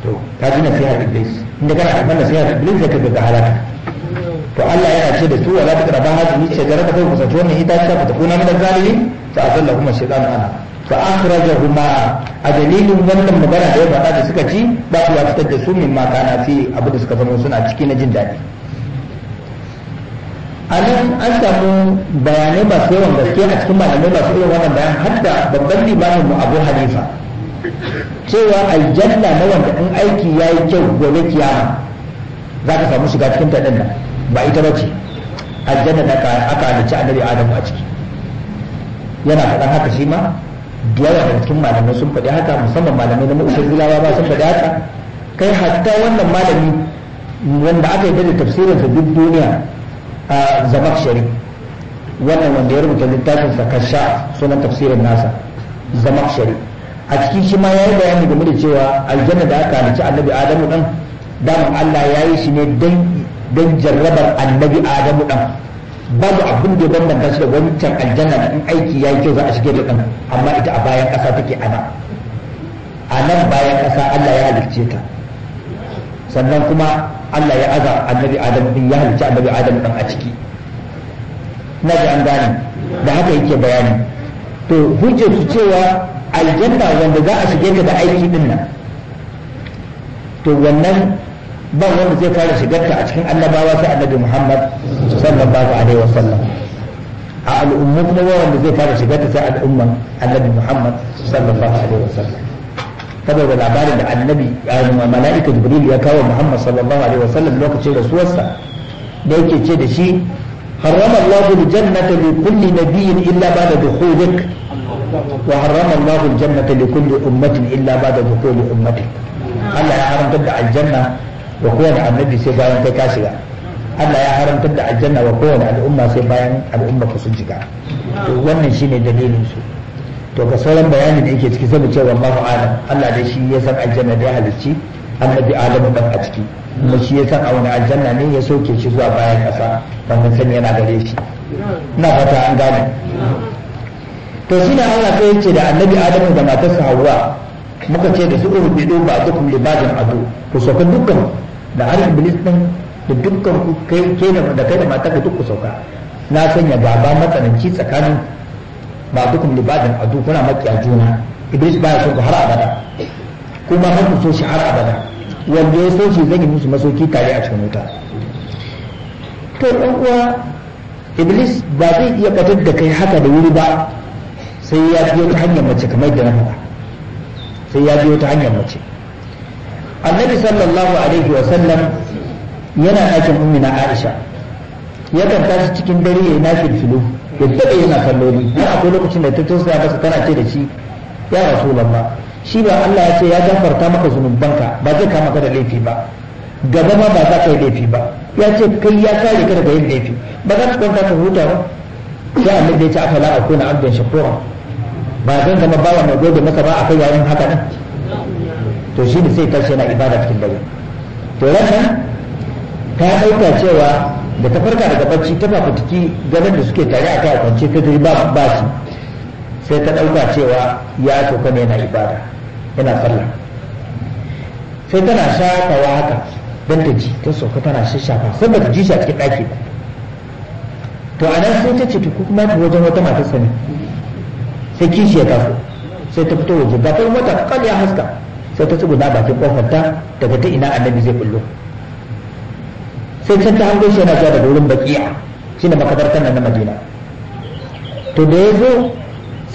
to ka ji nasiha iblis inda kana karɓar nasiha iblis sai ka ga halaka to Allah yana ce da su wala ta karba hazmi ce garaba kai kusanci wannan itaciya ba ta kuna min zalimi ta azalla kuma shaytanu ana fa akhrajahuma a dalilin wannan magana da ya faɗa da suka ci ba su ya fitar da su min ma kana fi abu da suka zama suna ciki na jin daɗi a nan an samu bayanai masu yawan gaske a cikin malamai masu yawan wannan bayan har da babban limamin mu abu hanifa cewa aljanna na wanda in aiki ya yi kyau gobe kiyama za ka samu shiga cikin ta nan ba ita ba ce aljanna da aka halicci annabi adamu a ciki yana faɗan haka shi ma da yawa cikin malamai sun faɗi haka musamman malamai na mu'tazilawa ba sun faɗi haka kai hatta wannan malami wanda aka yi da tafsirin sa duk duniya a shari wannan wanda ya rubuta littafin sa kasha sunan tafsirin nasa zamakshari a cikin shi ma yayi bayani game da cewa aljanna da aka halicci annabi adamu dan daman Allah ya yi shi ne dan dan jarrabar annabi adamu dan babu abin da ya bambanta shi da wancan aljanna da in aiki yayi kyau za a shige da dan amma ita a bayan kasa take ana a nan bayan kasa Allah ya halicce ta sannan kuma Allah ya aza annabi adamu din ya halicci annabi adamu dan a ciki na ji an gane da haka yake bayani to hujjar cewa aljanna wanda za a shige ka da aiki din nan to wannan ba wanda zai fara shigarta a cikin annabawa sai annabi Muhammad sallallahu alaihi wasallam a al'ummu kuma ba wanda zai fara shigarta sai al'umman annabi Muhammad sallallahu alaihi wasallam saboda labarin da annabi eh, mala'ika jibril ya kawo Muhammad sallallahu alaihi wasallam lokacin rasuwarsa da yake ce da shi harrama Allahu al-jannata li kulli nabiyyin illa ba da dukhulik wa harrama Allahu al-jannata li ummatin illa ba'da dukuli ummati Allah ya haramta da aljanna wa kowane annabi sai bayan kai ka shiga Allah ya haramta da aljanna wa kowane al'umma sai bayan al'umma ka sun shiga wannan shine dalilin su to ga sauran bayanin da yake ciki sai mu ce wallahu alam Allah dai shi ya san aljanna ya halicci annabi adamu dan a ciki kuma shi ya san a wani aljanna ne ya soke shi zuwa bayan kasa wannan sani yana gare shi ina fata an gane to suna Allah sai ce da annabi Adamu da matarsa Hawwa muka ce da su urbidu ba dukum libadin adu ku sauka dukkan da har iblis din da dukkan ku kai ke da kai da matarka duk ku sauka na sanya gaba matsananci tsakanin ba dukkan libadin adu kuna makiya juna iblis ya son har abada kuma har ku so shi har abada wanda ya so shi zai yi musu masoki tare a cikin wuta to dan uwa iblis ba zai iya batar da kai haka da wuri ba sai ya biyo ta hanyar mace kamar da na faɗa sai ya biyo ta hanyar mace annabi sallallahu alaihi wa sallam yana ɗakin ummi na aisha yakan tashi cikin dare ya na filfilo ya daɗe yana kalloli har akwai lokacin da ta ba masa tana ce da shi ya rasulullah shi ba Allah ya ce ya gafarta maka zunubanka ba zai kama ka da laifi ba gaba ma ba za ka yi laifi ba ya ce kai ya kare ka daga yin laifi ba za ka ɗauka ka huta ba ya Allah bai ce afala akuna abdan shakura ba zan zama bawa mai gode maka ba kai yayin haka nan to shi ne sai karshe na ibada cikin dare to rana ta ɗauka cewa da ta farka daga bacci ta fafutuki gadon da suke tare a kai kwance ta ba ba shi sai ta ɗauka cewa ya sauka ne yana ibada yana sallah sai tana shafawa haka don ta ji ta sauka tana shafa saboda ba ta ji shi a cikin ɗaki to a nan sai ta ce ta kuma wajen wata matarsa ne sai kishi ya taso sai ta fito waje ga kai mota kan ya haska sai ta tsuguna bakin kofar ta daga ta ina annabi zai kullo sai can ta hango shi yana zuwa daga wurin bakiya shine makabartar nan na madina to da ya zo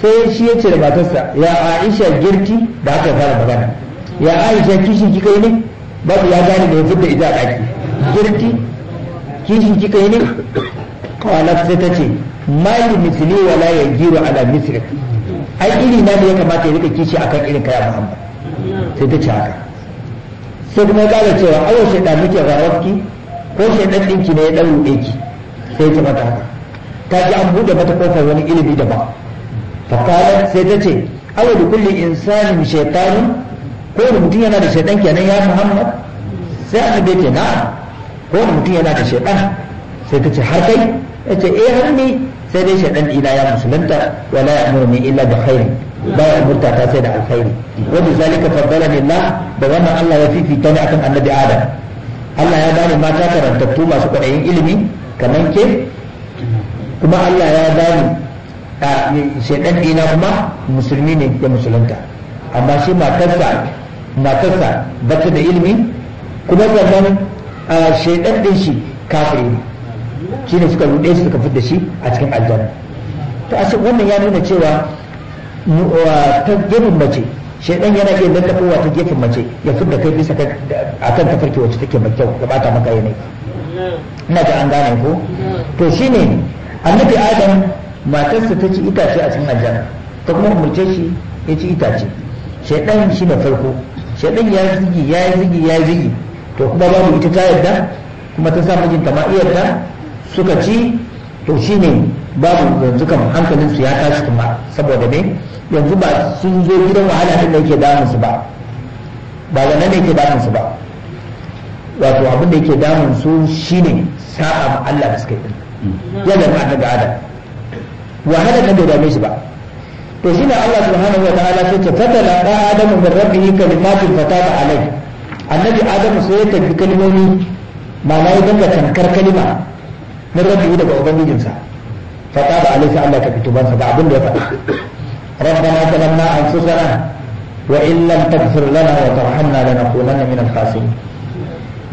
sai shi ya ce da matarsa ya aisha girki da aka fara magana ya aisha kishin kika yi ne ba ya gane da ya fidda ita a daki girki kishin kika yi ne kawalar sai ta ce mali misli wala ya giro ala misrik ai iri na ne ya kamata ya rika kishi akan irin kaya muhammad sai ta ce haka sai kuma ya kala cewa ayo shaidan muke rawafki ko shaidan ɗinki ne ya ɗan ruɗe ki sai ta mata haka ta ji an buɗe mata kofar wani ilimi daban fakala sai ta ce awa da kulli insanin shaitani ko wani mutum yana da shaidan kenan ya muhammad sai annabi ce na ko wani mutum yana da shaidan sai ta ce har kai ya ce eh har ni sai dai shaidan ila ya musulunta wa la ya'muruni illa bi khairin ba ya umurta ta sai da alkhairi wa bi zalika faddalani Allah da wannan Allah ya fifita ni akan annabi Adam Allah ya bani mata karantattu masu kwaɗayin ilimi kamar ke kuma Allah ya bani shaidan ina kuma musulmi ne ya musulunta amma shi matarsa matarsa bata da ilimi kuma sannan shaidan din shi kafiri ne ne suka ruɗe shi suka fi da shi a cikin aljanna to a wannan ya nuna cewa uh, ta gefen mace shaidan yana iya lallafowa ta gefen mace ya fi da kai bisa ta tafarki wacce take mai kyau ya bata maka yanayi ina ta an gane ko to shi shine annabi adam matarsa ta ci itace a cikin aljanna ta kuma umarce shi ya ci itace shaidan shi ne farko shaidan ya zigi ya zigi ya zigi to kuma babu ita ta yarda kuma ta sa mijinta ma suka ci to shine babu yanzu kam hankalin su ya tashi kuma saboda ne yanzu ba sun zo gidan wahala din da yake damun su ba ba wannan da yake damun su ba wato abin da yake damun su shine sa'a ma Allah da suka yi din yadda ma daga adam wahala kan da dame shi ba to shine Allah subhanahu wataala ta'ala sai ta fatala da adamu min rabbihi kalimatin fataba alai annabi adamu sai ya tafi kalmomi ma'ana ya dinga tankar kalima من ربي إذا بأبن جنسا فتاب عليك الله كتبان سبع بن ربنا ظلمنا أنفسنا وإن لم تغفر لنا وترحمنا لنكونن من الخاسرين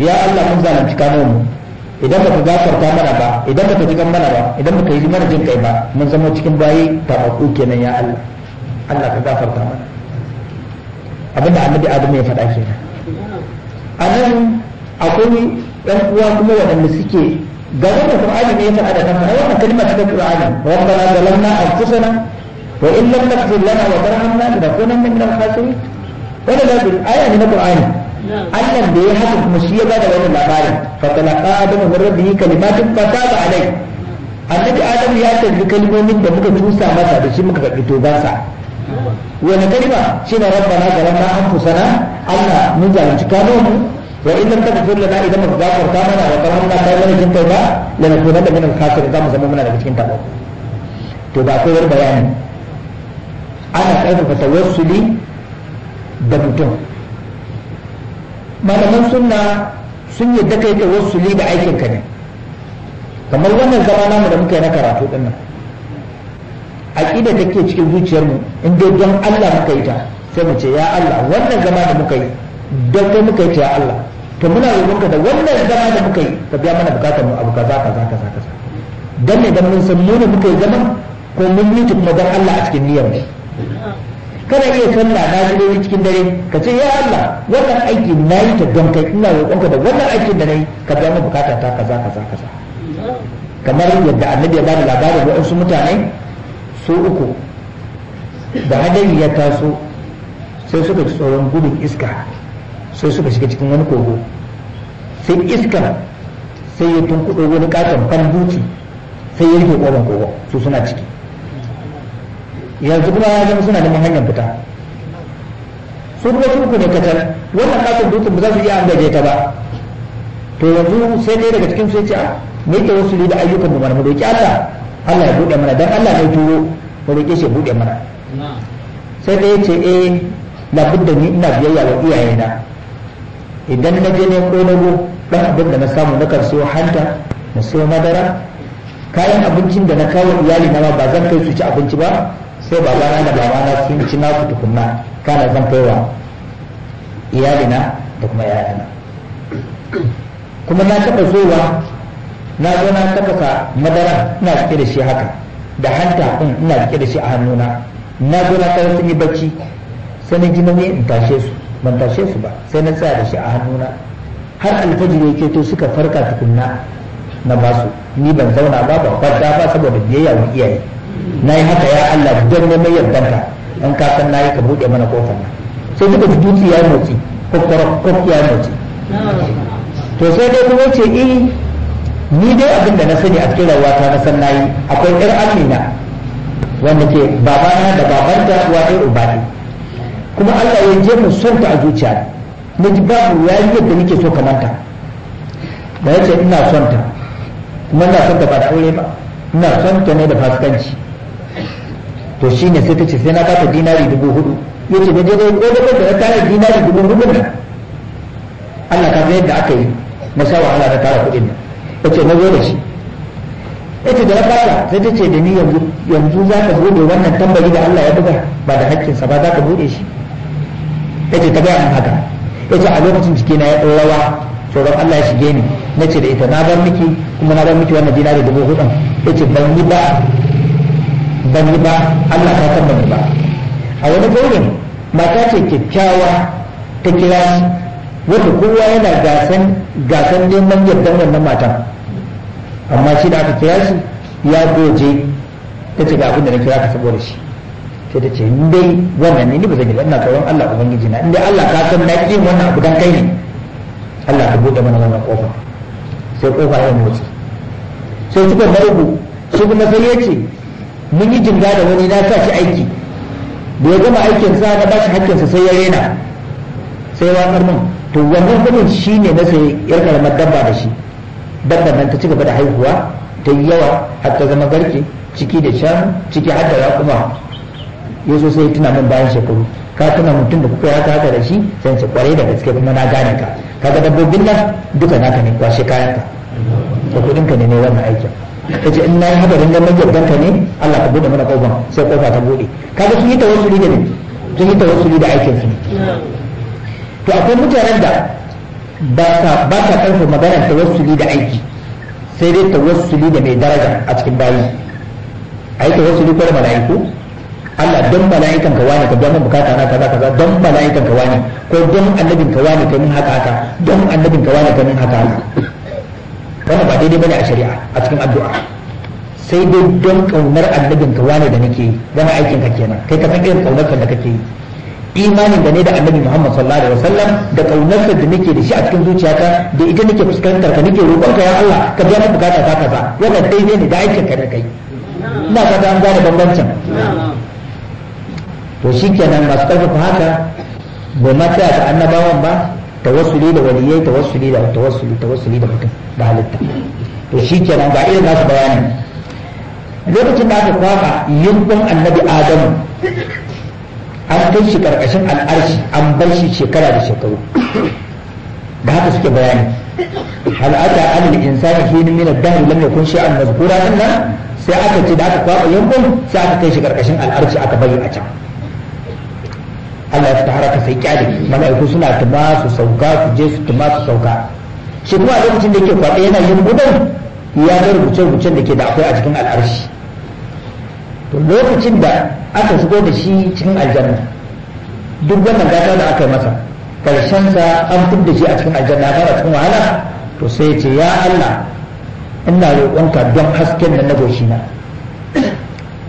يا الله من ظلم تكامون idan baka gafarta mana ba idan baka cikan mana ba idan baka yi mana jin kai ba mun zama cikin bayi tabaku kenan ya Allah Allah ka gafarta mana abinda annabi Adam ya faɗa kenan anan akwai ɗan uwa kuma waɗanda suke game da Qur'ani ne yasa ada kansa ai kalima kalma ta Qur'ani rabbana zalamna anfusana wa in lam taghfir lana wa tarhamna lanakunanna min al-khasirin wannan da duk aya ne na Qur'ani Allah da ya haka kuma shi ya bada wannan labarin fa talaqa adamu min rabbihi kalimatin fa taba alai annabi adamu ya tarbi kalmomin da muka tusa masa da shi muka karbi tobansa wani kalma shi ne rabbana zalamna anfusana Allah mun zalunci kamar mu وإن لم تغفر لنا إذا ما غفرت لنا وترحمنا خيرا من كنتم لنكونن من الخاسرين كما زمنا daga cikin tabo to ba akwai bayani ana karfafa tawassuli da mutum malaman sunna sun yadda kai tawassuli da aikin ka ne kamar wannan zama namu da muka yi na karatu din nan aqida take cikin zuciyarmu in dai don Allah muka yi ta sai mu ce ya Allah wannan zama da muka yi don kai muka yi ta Allah to muna roƙonka da wannan zama da muka yi ka biya mana bukatar mu abu kaza kaza kaza kaza don ne don mun san mu ne muka yi zaman ko mun mutu kuma don Allah a cikin niyyar mu kana iya sallah na ji cikin dare ka ce ya Allah wannan aiki na yi ta don kai ina yi da wannan aikin da na yi ka biya mana bukatar ta kaza kaza kaza kamar yadda annabi ya bada labarin waɗansu mutane su uku da hadari ya taso sai suka ci tsoron gudun iska sai suka shiga cikin wani kogo sai iska sai ya tunkuɗo wani katon banduci sai ya rike ƙofar kogo su suna ciki yanzu kuma ya zama suna neman hanyar fita su kuma su ne kacal wannan ƙaton dutsen ba za su iya an gaje ta ba to yanzu sai ɗaya daga cikin sai ce ah, mai ta wasu da ayyukan mu mana mu roƙi Allah Allah ya buɗe mana dan Allah ne turo mu roƙe shi buɗe mana sai ɗaya ce eh labudda ni ina biyayya wa iyayena idan na je ne ko na go dan abin da na samu na kan hanta na so madara kayan abincin da na kawo iyali na ma ba zan kai su ci abinci ba sai babana da na sun ci kutu tukunna kana zan kai iyali iyalina da kuma na. kuma na taɓa zowa na zo na tafasa madara ina rike da shi haka da hanta ɗin mm, ina rike da shi a hannuna na zo na tare sun yi bacci sai na ji in tashe su ban tashe su ba sai na tsaya da shi a hannuna har alfajir yake to suka farka tukunna na basu ni ban zauna ba ban kwanta ba saboda biyayya wa iyaye na yi haka ya Allah don neman yardanka in ka san na yi ka buɗe mana kofar nan sai duka dutse ya motsi kwakwarak ya motsi to sai dai kuma ce eh ni dai abin da na sani a cikin rawata na san nayi akwai ɗan amina wanda ke babana da babanta wa ɗaya uba ne kuma Allah ya mu son ta a zuciya na ji babu yi yadda nake so kamar ta da ce ina son ta kuma ina son ta ba da aure ba ina son ta ne da fasikanci to shine sai ta ce sai na kafa dinari dubu hudu yace da dai ko da ta tara dinari dubu hudu ne Allah ka zai yadda aka yi na sha wahala na tara kudin nan ce na zo da shi ce da na fara sai ta ce da ni yanzu za ka bude wannan tambari da Allah ya buga ba da hakkinsa ba za ka buɗe shi yace ta gaya haka yace a lokacin jikina ya ɗan rawa tsoron Allah ya shige ni nace da ita na bar miki kuma na bar miki wannan da dubu hudun yace ban yi ba ban yi ba Allah ka san ban ba a wani gaurin mata ce kyakkyawa ta kira wata kowa yana gasan gasan neman yardan wannan matan amma shi da aka kira shi ya goje ta ce ga abin da na kira ka saboda shi sai ta ce in dai wannan ne ni ba zan yi ina tsoron Allah ubangiji na in dai Allah ka san na ƙi wannan abu dan kai ne Allah ka buɗe mana wannan kofa sai kofa ya motsi sai suka barbu shi kuma sai ya ce mun yi jinga da wani na sa shi aiki da ya gama aikin sa na bashi hakkin sa sai ya rena sai watsar mun to wannan kudin shine na sai yar karamar dabba da shi dabba nan ta ci gaba da haihuwa ta yi yawa har ta zama garke ciki da shanu ciki har da kuma. ya zo sai tuna min bayan shekaru ka tuna mutum da kuka ya ta haka da shi sai ce kwarai da gaske kuma na gane ka kaga dabbobin nan duka naka ne kwashe kayan ka da kudin ka ne ne wannan aikin ka ce in na yi hadarin ganin yardan ka ne Allah ka bude mana kofan sai kofa ta bude kaga sun yi tawassuli da ne sun yi tawassuli da aikin su to akwai mutanen da ba ta ba magana karfa maganar tawassuli da aiki sai dai tawassuli da mai daraja a cikin bayi a yi tawassuli ko mala'iku Allah don mala'ikan ka wani ka don mun bukata na kaza kaza don mala'ikan ka wani ko don annabin ka wani kai min haka haka don annabin ka wani kai min haka haka wannan ba daidai bane a shari'a a cikin addu'a sai dai don kaunar annabin ka wani da nake yi zama aikin ka kenan kai ka san irin kaunar ka da kake yi imanin da ne da annabi Muhammad sallallahu alaihi wasallam da ka da nake da shi a cikin zuciyarka da ita nake fuskantar ka nake roƙon ka ya Allah ka biya min bukata ta kaza wannan daidai ne da aikin ka da kai ina ga an gane bambancin to shi kenan masu ƙarfafa haka bai ma tsaya annabawan ba ta wasu tawassuli da waliyai tawassuli da wasu tawassuli da mutum da halitta to shi kenan ga irin nasu bayanin lokacin da aka kwafa yunkun annabi adamu an kai shi karkashin al'arshi an bar shi shekara da shekaru da haka suke bayani hal ata alil insani hin min ad-dahr lam yakun shay'an mazkura nan sai aka ce da aka kwafa yunkun sai aka kai shi karkashin al'arshi aka bari a can Allah ya fita haraka sai kyale mala'iku suna tuma su sauka su je su tuma su sauka shi kuma a lokacin da yake kwaɗe yana yin gudun ya ga rubuce-rubucen da ke da akwai a cikin al'arshi to lokacin da aka shigo da shi cikin aljanna duk wannan gata da aka yi masa karshen sa an fi da shi a cikin aljanna fara cikin wahala to sai ce ya Allah ina roƙonka don hasken da na goshi na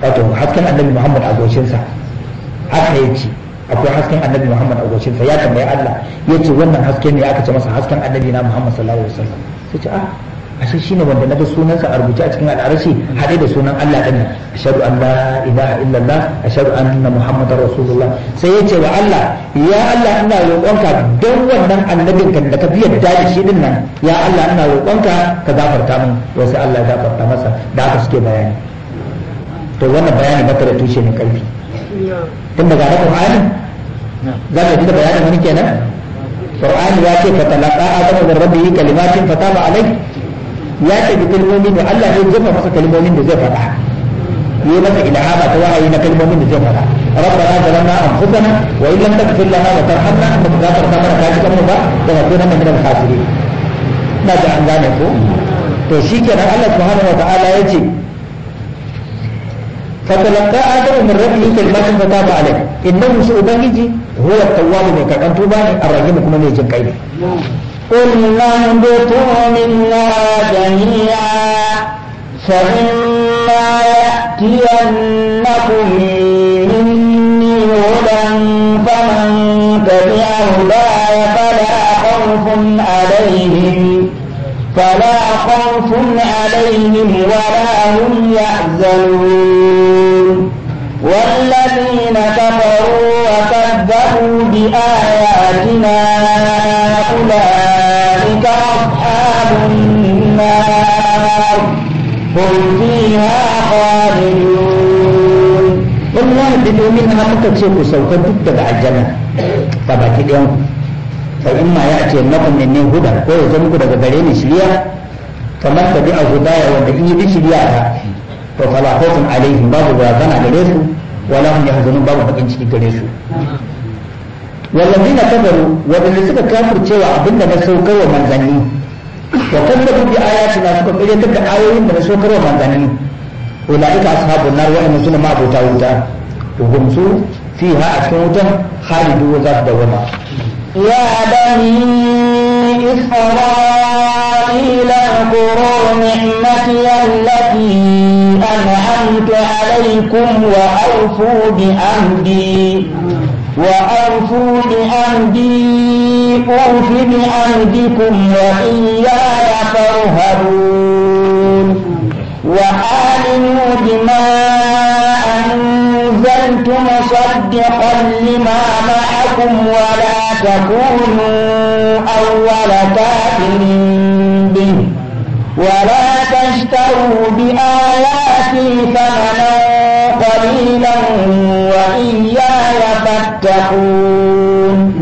wato hasken annabi Muhammad a goshinsa haka ya ce akwai hasken annabi Muhammad a gwashin sa ya tambayi Allah ce wannan haske ne aka ce masa hasken annabi na Muhammad sallallahu alaihi wasallam sai ce ah ashe shine wanda naga sunansa a rubuce a cikin al'arashi haɗe da sunan Allah din ashhadu an la ilaha illallah ashhadu anna muhammadar rasulullah sai ya ce wa Allah ya Allah ina roƙonka don wannan annabin ka da ka biya da shi din nan ya Allah ina roƙonka ka gafarta min wa sai Allah ya gafarta masa da aka suke bayani to wannan bayani ba da tushe ne ƙarfi tun daga na Qur'ani za mu da bayanin mun kenan qur'ani ya ce fa talaqa adamu min rabbih kalimatin fa taba alayhi ya ce bi kalmomin da Allah ya jefa masa kalmomin da zai faɗa yi masa ilhama ta wahayi na kalmomin da zai faɗa ربنا ظلمنا انفسنا وان لم تغفر لنا وترحمنا انك لا ترحمنا كاجكم ba لنكونن من الخاسرين na da an gane ko to kenan Allah subhanahu wa ya yace فتلقى آدم من ربه كلمات فتاب عليه إنه سأبنجي هو التواب من كان توباني الرحيم كما نيجي كاينه قلنا اهبطوا منا جميعا فإما يأتينكم مني هدى فمن تبع هداي فلا خوف عليهم فلا خوف عليهم ولا هم يحزنون والذين كفروا وكذبوا بآياتنا أولئك أصحاب النار هم فيها خالدون والله بدون منها ممكن تشوفوا سوف تتبع الجنة طبعا كده fa in ma ya ce lakum minni huda ko ya zo muku daga gare ni shiriya kamar ka bi a hudaya wanda in yi bi shiriya ta to fala khawfun alaihim babu barazana gare su wala hum yahzanun babu bakin ciki gare su wallazina kafaru wadanda suka kafircewa abinda na saukar wa manzanni wa kadzabu bi ayatina suka ƙaryatar duka ayoyin da na saukar wa manzanni ulaika ashabun nar wa'anna suna ma buta wuta to gumsu su fiha a cikin wutan khalidu za su dawama يا بني إسرائيل اذكروا نعمتي التي أنعمت عليكم وأوفوا بأمدي وأوفوا بأمدي أوف بأمدكم وإياي فارهبون وآمنوا بما مصدقا لما معكم ولا تكونوا أول كافر به ولا تشتروا بآياتي ثمنا قليلا وإياي فاتقون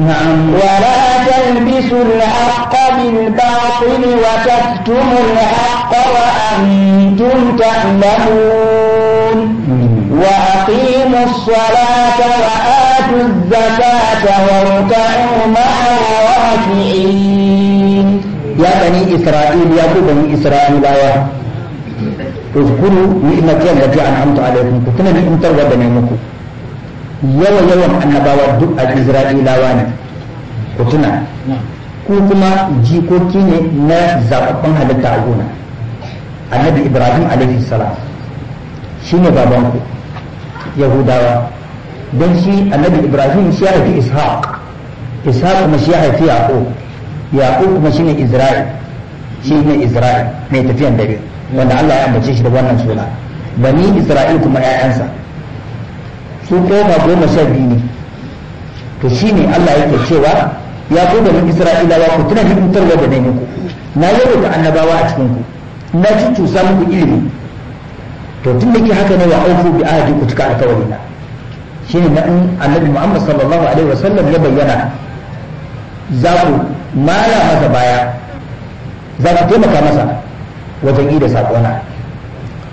نعم. ولا تلبسوا الحق بالباطل وتكتموا الحق وأنتم تعلمون وأقيموا الصلاة وآتوا الزكاة واركعوا مع الراكعين يا بني إسرائيل يا بني إسرائيل آية اذكروا نعمتي التي أنعمت عليكم كنا نعمتر ودنعمكم yawa yawan annabawa duk a isra'ilawa ne ku tuna ku kuma jikoki ne na zaɓaɓɓen halitta a gona annabi ibrahim alaihi shine babanku yahudawa don shi annabi ibrahim shi ya haifi ishaq ishaq kuma shi ya haifi yaƙo yaƙo kuma shi ne isra'il shi ne isra'il mai tafiyan dare wanda Allah ya ambace shi da wannan suna bani isra'il kuma 'ya'yansa. su koma goma sha biyu ne to ne Allah yake cewa ya ku bani isra'ilawa ku tuna hidimtarwa da nai muku na yau da annabawa a cikin ku na ci cusa muku ilimi to tun da ke haka ne wa auku bi ahadi ku cika alkawari na shine na annabi Muhammad sallallahu alaihi wasallam ya bayyana za ku mara masa baya za ku taimaka masa wajen yi da sakona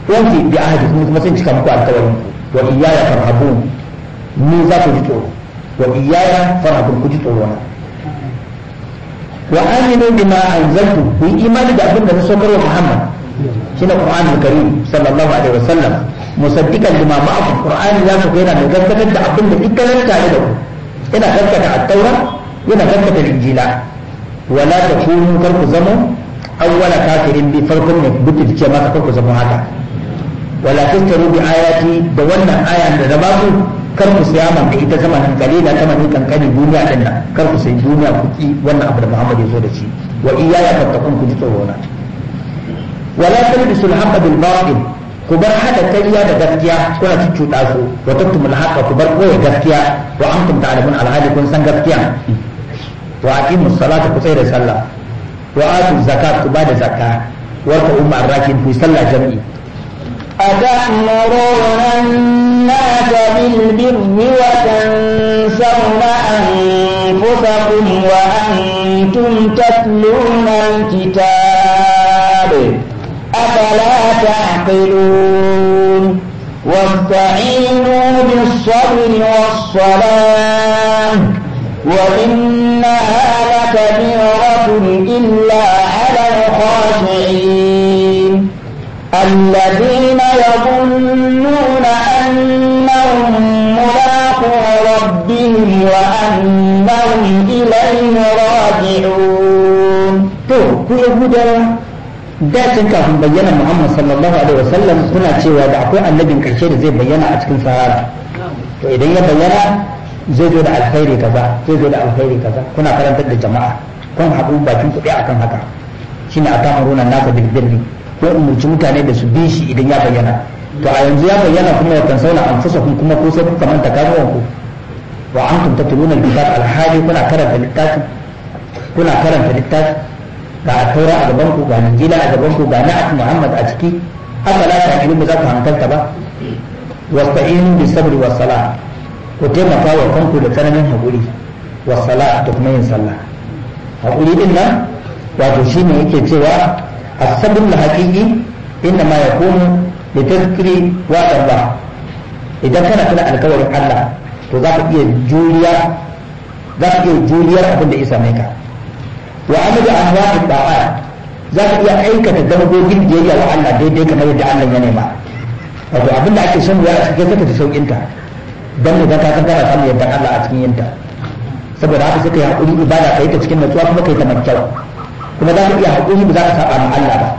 wanki bi ahadi kuma kuma sun cika muku alkawari ku wa iyaya farhabun ni za ku ji tsoro wa iyaya farhabun ku ji tsoro na wa aminu bima anzaltu ku imani da abin da na saukar wa Muhammad shine Qur'anul Karim sallallahu alaihi wasallam musaddikan lima ma'a Qur'ani ya ku yana mai gaskatar da abin da dukkan tare da ku ina gaskata at-taura yana gaskata injila wala takunu kar ku zama awwala kafirin bi farkon ne butul ce masa kar ku zama haka wala tastaru bi ayati da wannan aya da da baku kar ku saya man ita zama kalila ta mani kankani duniya din nan kar ku sai duniya ku ki wannan abu da Muhammad ya zo da shi wa iyaya fatakun ku ji tsoro na wala talbisul haqqa bil batil ku bar hada kariya da gaskiya kuna cuccuɗa su wa tattumul haqqa ku bar koyar gaskiya wa antum ta'lamun alhali kun san gaskiya wa aqimus salata ku tsaya da sallah wa atu zakat ku bada zakka wa umma arrakin ku sallah jami'i أتأمرون الناس بالبر وتنسون أنفسكم وأنتم تتلون الكتاب تعقلون واستعينوا بالصبر والصلاة وإنها لكبيرة إلا على الخاشعين الذين يظنون أنهم ملاقو ربهم وأنهم إليه راجعون تو كل هدى da tun kafin bayyana Muhammad sallallahu alaihi wasallam suna cewa da akwai annabin karshe da zai bayyana a cikin sahara to idan ya bayyana zai zo da alkhairi kaza zai zo da alkhairi kaza kuna karantar da jama'a kun haɗu bakin kuɗi akan haka shine a tamaruna nasa bil birri ko umurci mutane da su bi shi idan ya bayyana to a yanzu ya bayyana kuma ya kan sauna fusa kuma ko sai kuka manta kawo ku wa antum tatluna al-kitab al-hadi kuna karanta littafi kuna karanta littafi ga attaura a gaban ku ga injila a gaban ku ga na'at muhammad a ciki afala ta ilmi ba za ku hankalta ba wasta'inu bis sabri was salah ku taimaka wa kanku da tsananin haƙuri wa sala da kuma yin sallah haƙuri din nan wato shi ne yake cewa asabin da haƙiƙi inda ma ya komo da taskiri wa Allah idan kana tuna alkawarin Allah to za ka iya juriya za ka iya juriyar abin da isa mai ka wa amadu ahwa'u ba'a za ka iya aikata dangogin yake wa Allah daidai kamar yadda Allah ya nema wato abin da ake son ya sake saka ta saukin ta dan ne ga ka kankara samu yadda Allah a cikin yinta saboda haka sai ka yi hakuri ibada kai ta cikin natsuwa kuma kai ta makkyau kuma za ka iya hakuri ba za ka saba ma Allah ba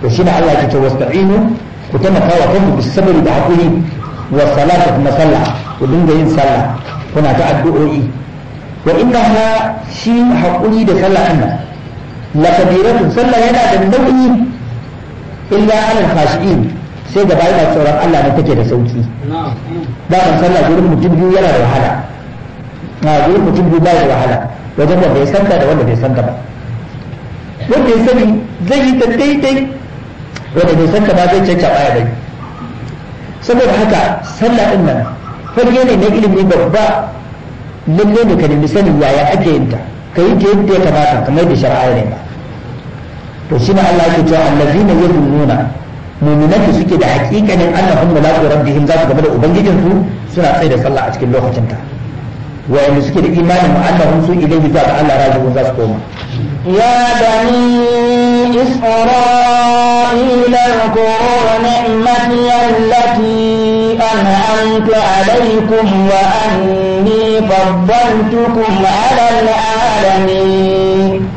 to shine Allah ya ce wasta'inu ku taimaka wa kanku bi sabari da hakuri wa salatu kuma sallah ku dinga yin sallah kuna ta addu'o'i wa innaha shi haƙuri da sallah annan la kabiratun sallah yana da nau'i illa alal fasiqin sai gaba yana tsoron Allah ne take da sauki ba kan sallah gurin mutum biyu yana da wahala na gurin mutum biyu ba da wahala wajen wanda bai sanka da wanda bai sanka ba wanda ya sani zai yi ta daidai wanda bai sanka ba zai canca baya bai saboda haka sallah din nan fage ne na ilimin babba lalle ne ka nemi sanin yaya ake yin ta ka yi ta yadda ya kamata kamar da shara'a ne ba to shi ne Allah ke cewa nuna muminan da suke da haƙiƙanin annahum mulaqu rabbihim za su game da ubangijinsu suna tsaye da sallah a cikin lokacin ta wa'anda suke da imanin annahum su idan za ga Allah rajiun za su koma ya bani إسرائيل اذكروا نعمتي أنت عليكم وأني فضلتكم على العالمين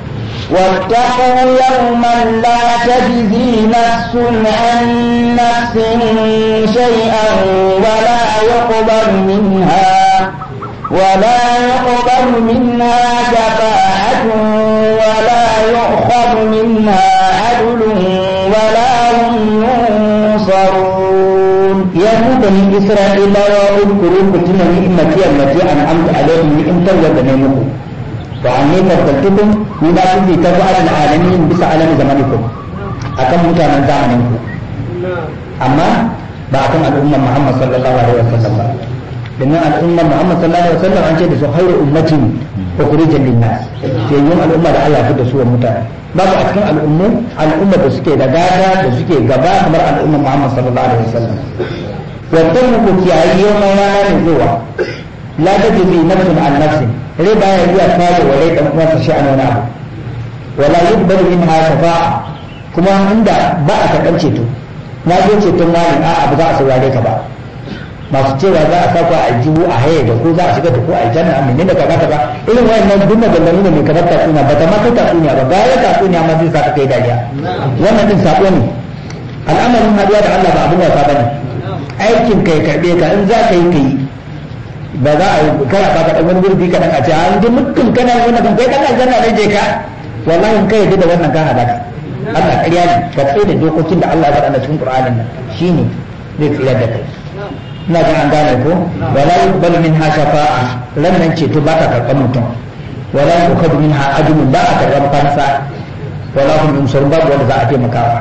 واتقوا يوما لا تجزي نفس عن نفس شيئا ولا يقبل منها ولا يقبل منها شفاعة ولا يؤخذ منها isra'ilawa ukuru ku tuna ni'imati allati an'amtu ni ni'imtar wadda ne muku wa anni faddaltukum ni ba su fi tabu alal alamin bisa alam zamanikum akan mutanen zamanin ku amma ba akan al'ummar Muhammad sallallahu alaihi wasallam ba domin al'ummar Muhammad sallallahu alaihi wasallam an ce da su khairu ummatin ukhrijat lin-nas sai yin al'umma da Allah ya da su wa mutane babu a cikin al'ummu al'ummar da suke da gada da suke gaba kamar al'ummar Muhammad sallallahu alaihi wasallam wadda muku kiyaye yau rana mai zuwa la ta jibi nafsin an nafsin riba ya iya kare wa rai dan uwansa shi an wani abu wala ba da yin haka ba. kuma inda ba a karɓar ceto na je ceton wani a'a ba za a saurare ka ba masu cewa za a saka a jibu a haye da ko za a shiga da ko a janna amini da kaza ba? irin wayannan duk maganganu ne mai kamar tatsuniya ba ta ma kai tatsuniya ba bayan tatsuniya ma zai saka kai dariya wannan din sako ne al'amarin haduwa da Allah ba abin wasa bane aikin kai karɓe ka in za ka yi ka yi ba za a yi kana ka ɗan wani gurbi kaɗan a ce an ji mutum kana wani kan kai kana zanna da je ka wallahi in kai yadda da wannan ka halaka Allah ƙarya ne ka tsaye da dokokin da Allah ya faɗa cikin Qur'anin nan ne zai tsira da kai ina ga an gane ko wala yuqbalu minha shafa'a ran nan ce to ba ka karɓar mutum wala yuqbalu minha ajrun ba a karɓar fansa wala hum yunsarun babu wanda za a ba.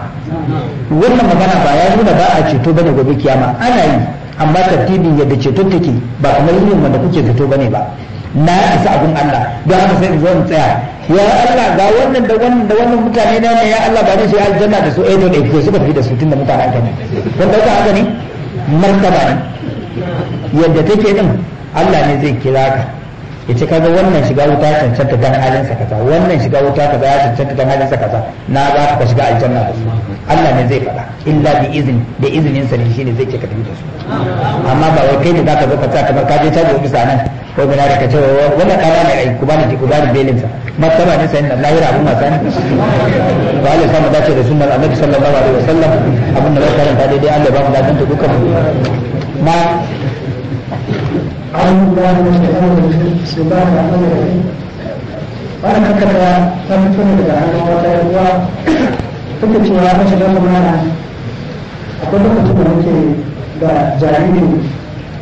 wannan magana ba ya nuna ba a ceto ba ne gobe kiyama ana yi amma tartibin yadda ceton take ba kamar yin wanda kuke ba ne ba na isa abin Allah don haka sai in zo in tsaya ya Allah ga wannan da wannan da wannan mutane na ne ya Allah ba ni sai aljanna da su edo da su suka fi da su tunda mutane aka ne wanda ka haka ne martaba ne yadda take din Allah ne zai kira ka ya ce kaga wannan shiga wuta cancanta dan halin sa kaza wannan shiga wuta kaza ya cancanta dan halin sa kaza na za ka shiga aljanna da su Allah ne zai faɗa illa bi izini da izinin sa ne shine zai ce ka tafi da su amma ba wai kai ne ka zo ka ta kamar ka je ta da ofisa nan ko gina da ka ce wannan kana ne ai ku bani ku bani belin sa martaba ne sai Allah ya rabu ma sai ba Allah sama ce da sunnar Annabi sallallahu alaihi wasallam abin da ya karanta daidai Allah ba mu da dukan ma أعوذ بالله من الشيطان الرجيم بسم الله الرحمن الرحيم وأنا كنت أتمنى لك أن أولا يبوا كنت في عرفة شجرة معنا أقول لك أنت أنت بجاريني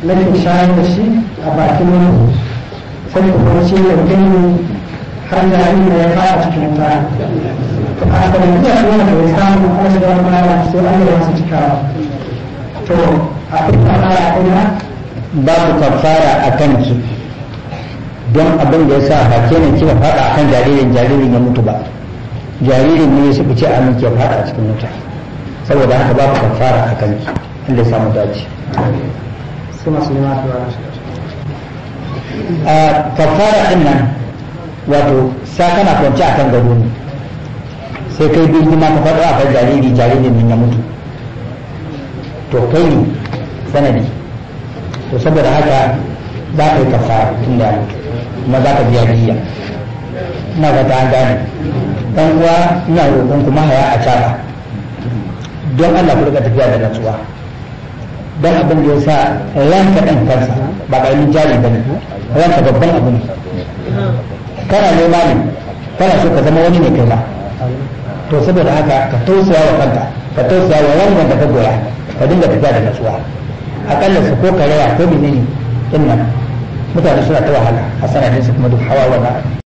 لكن شاهد الشيء أبعتني سنة فرنسية يمكنني har da abin da ya fara cikin ta to a sanadin da kuma da ya samu kuma da wani mara sai an yi wasu cikawa to a kuma fara ina babu kafara a kan ki don abin da ya sa ba ne kika faɗa kan jaririn jaririn ya mutu ba jaririn ne ya shi fice amin ke faɗa a cikin wuta saboda haka babu kafara a kan ki inda samu dace a kafara din nan wato sa kana kwanci kan gado ne sai kai birgima ka faɗa akan jariri jaririn ne ya mutu to kai ne sanadi to saboda haka za ka yi kafara tunda kuma za ka biya jiya ina fata an gane dan uwa ina roƙon kuma haya a caba don Allah ku rika tafiya da natsuwa don abin da ya sa ka ɗan kansa ba ƙaramin jari ba ne ka babban abu ne kana nema ne kana so ka zama wani ne kai ba to saboda haka ka tausaya wa kanka ka tausaya wa wanda ka goya ka dinga tafiya da natsuwa akalla su ko karaya ko menene din nan mutane suna ta wahala a sanadin su kuma duk hawa wa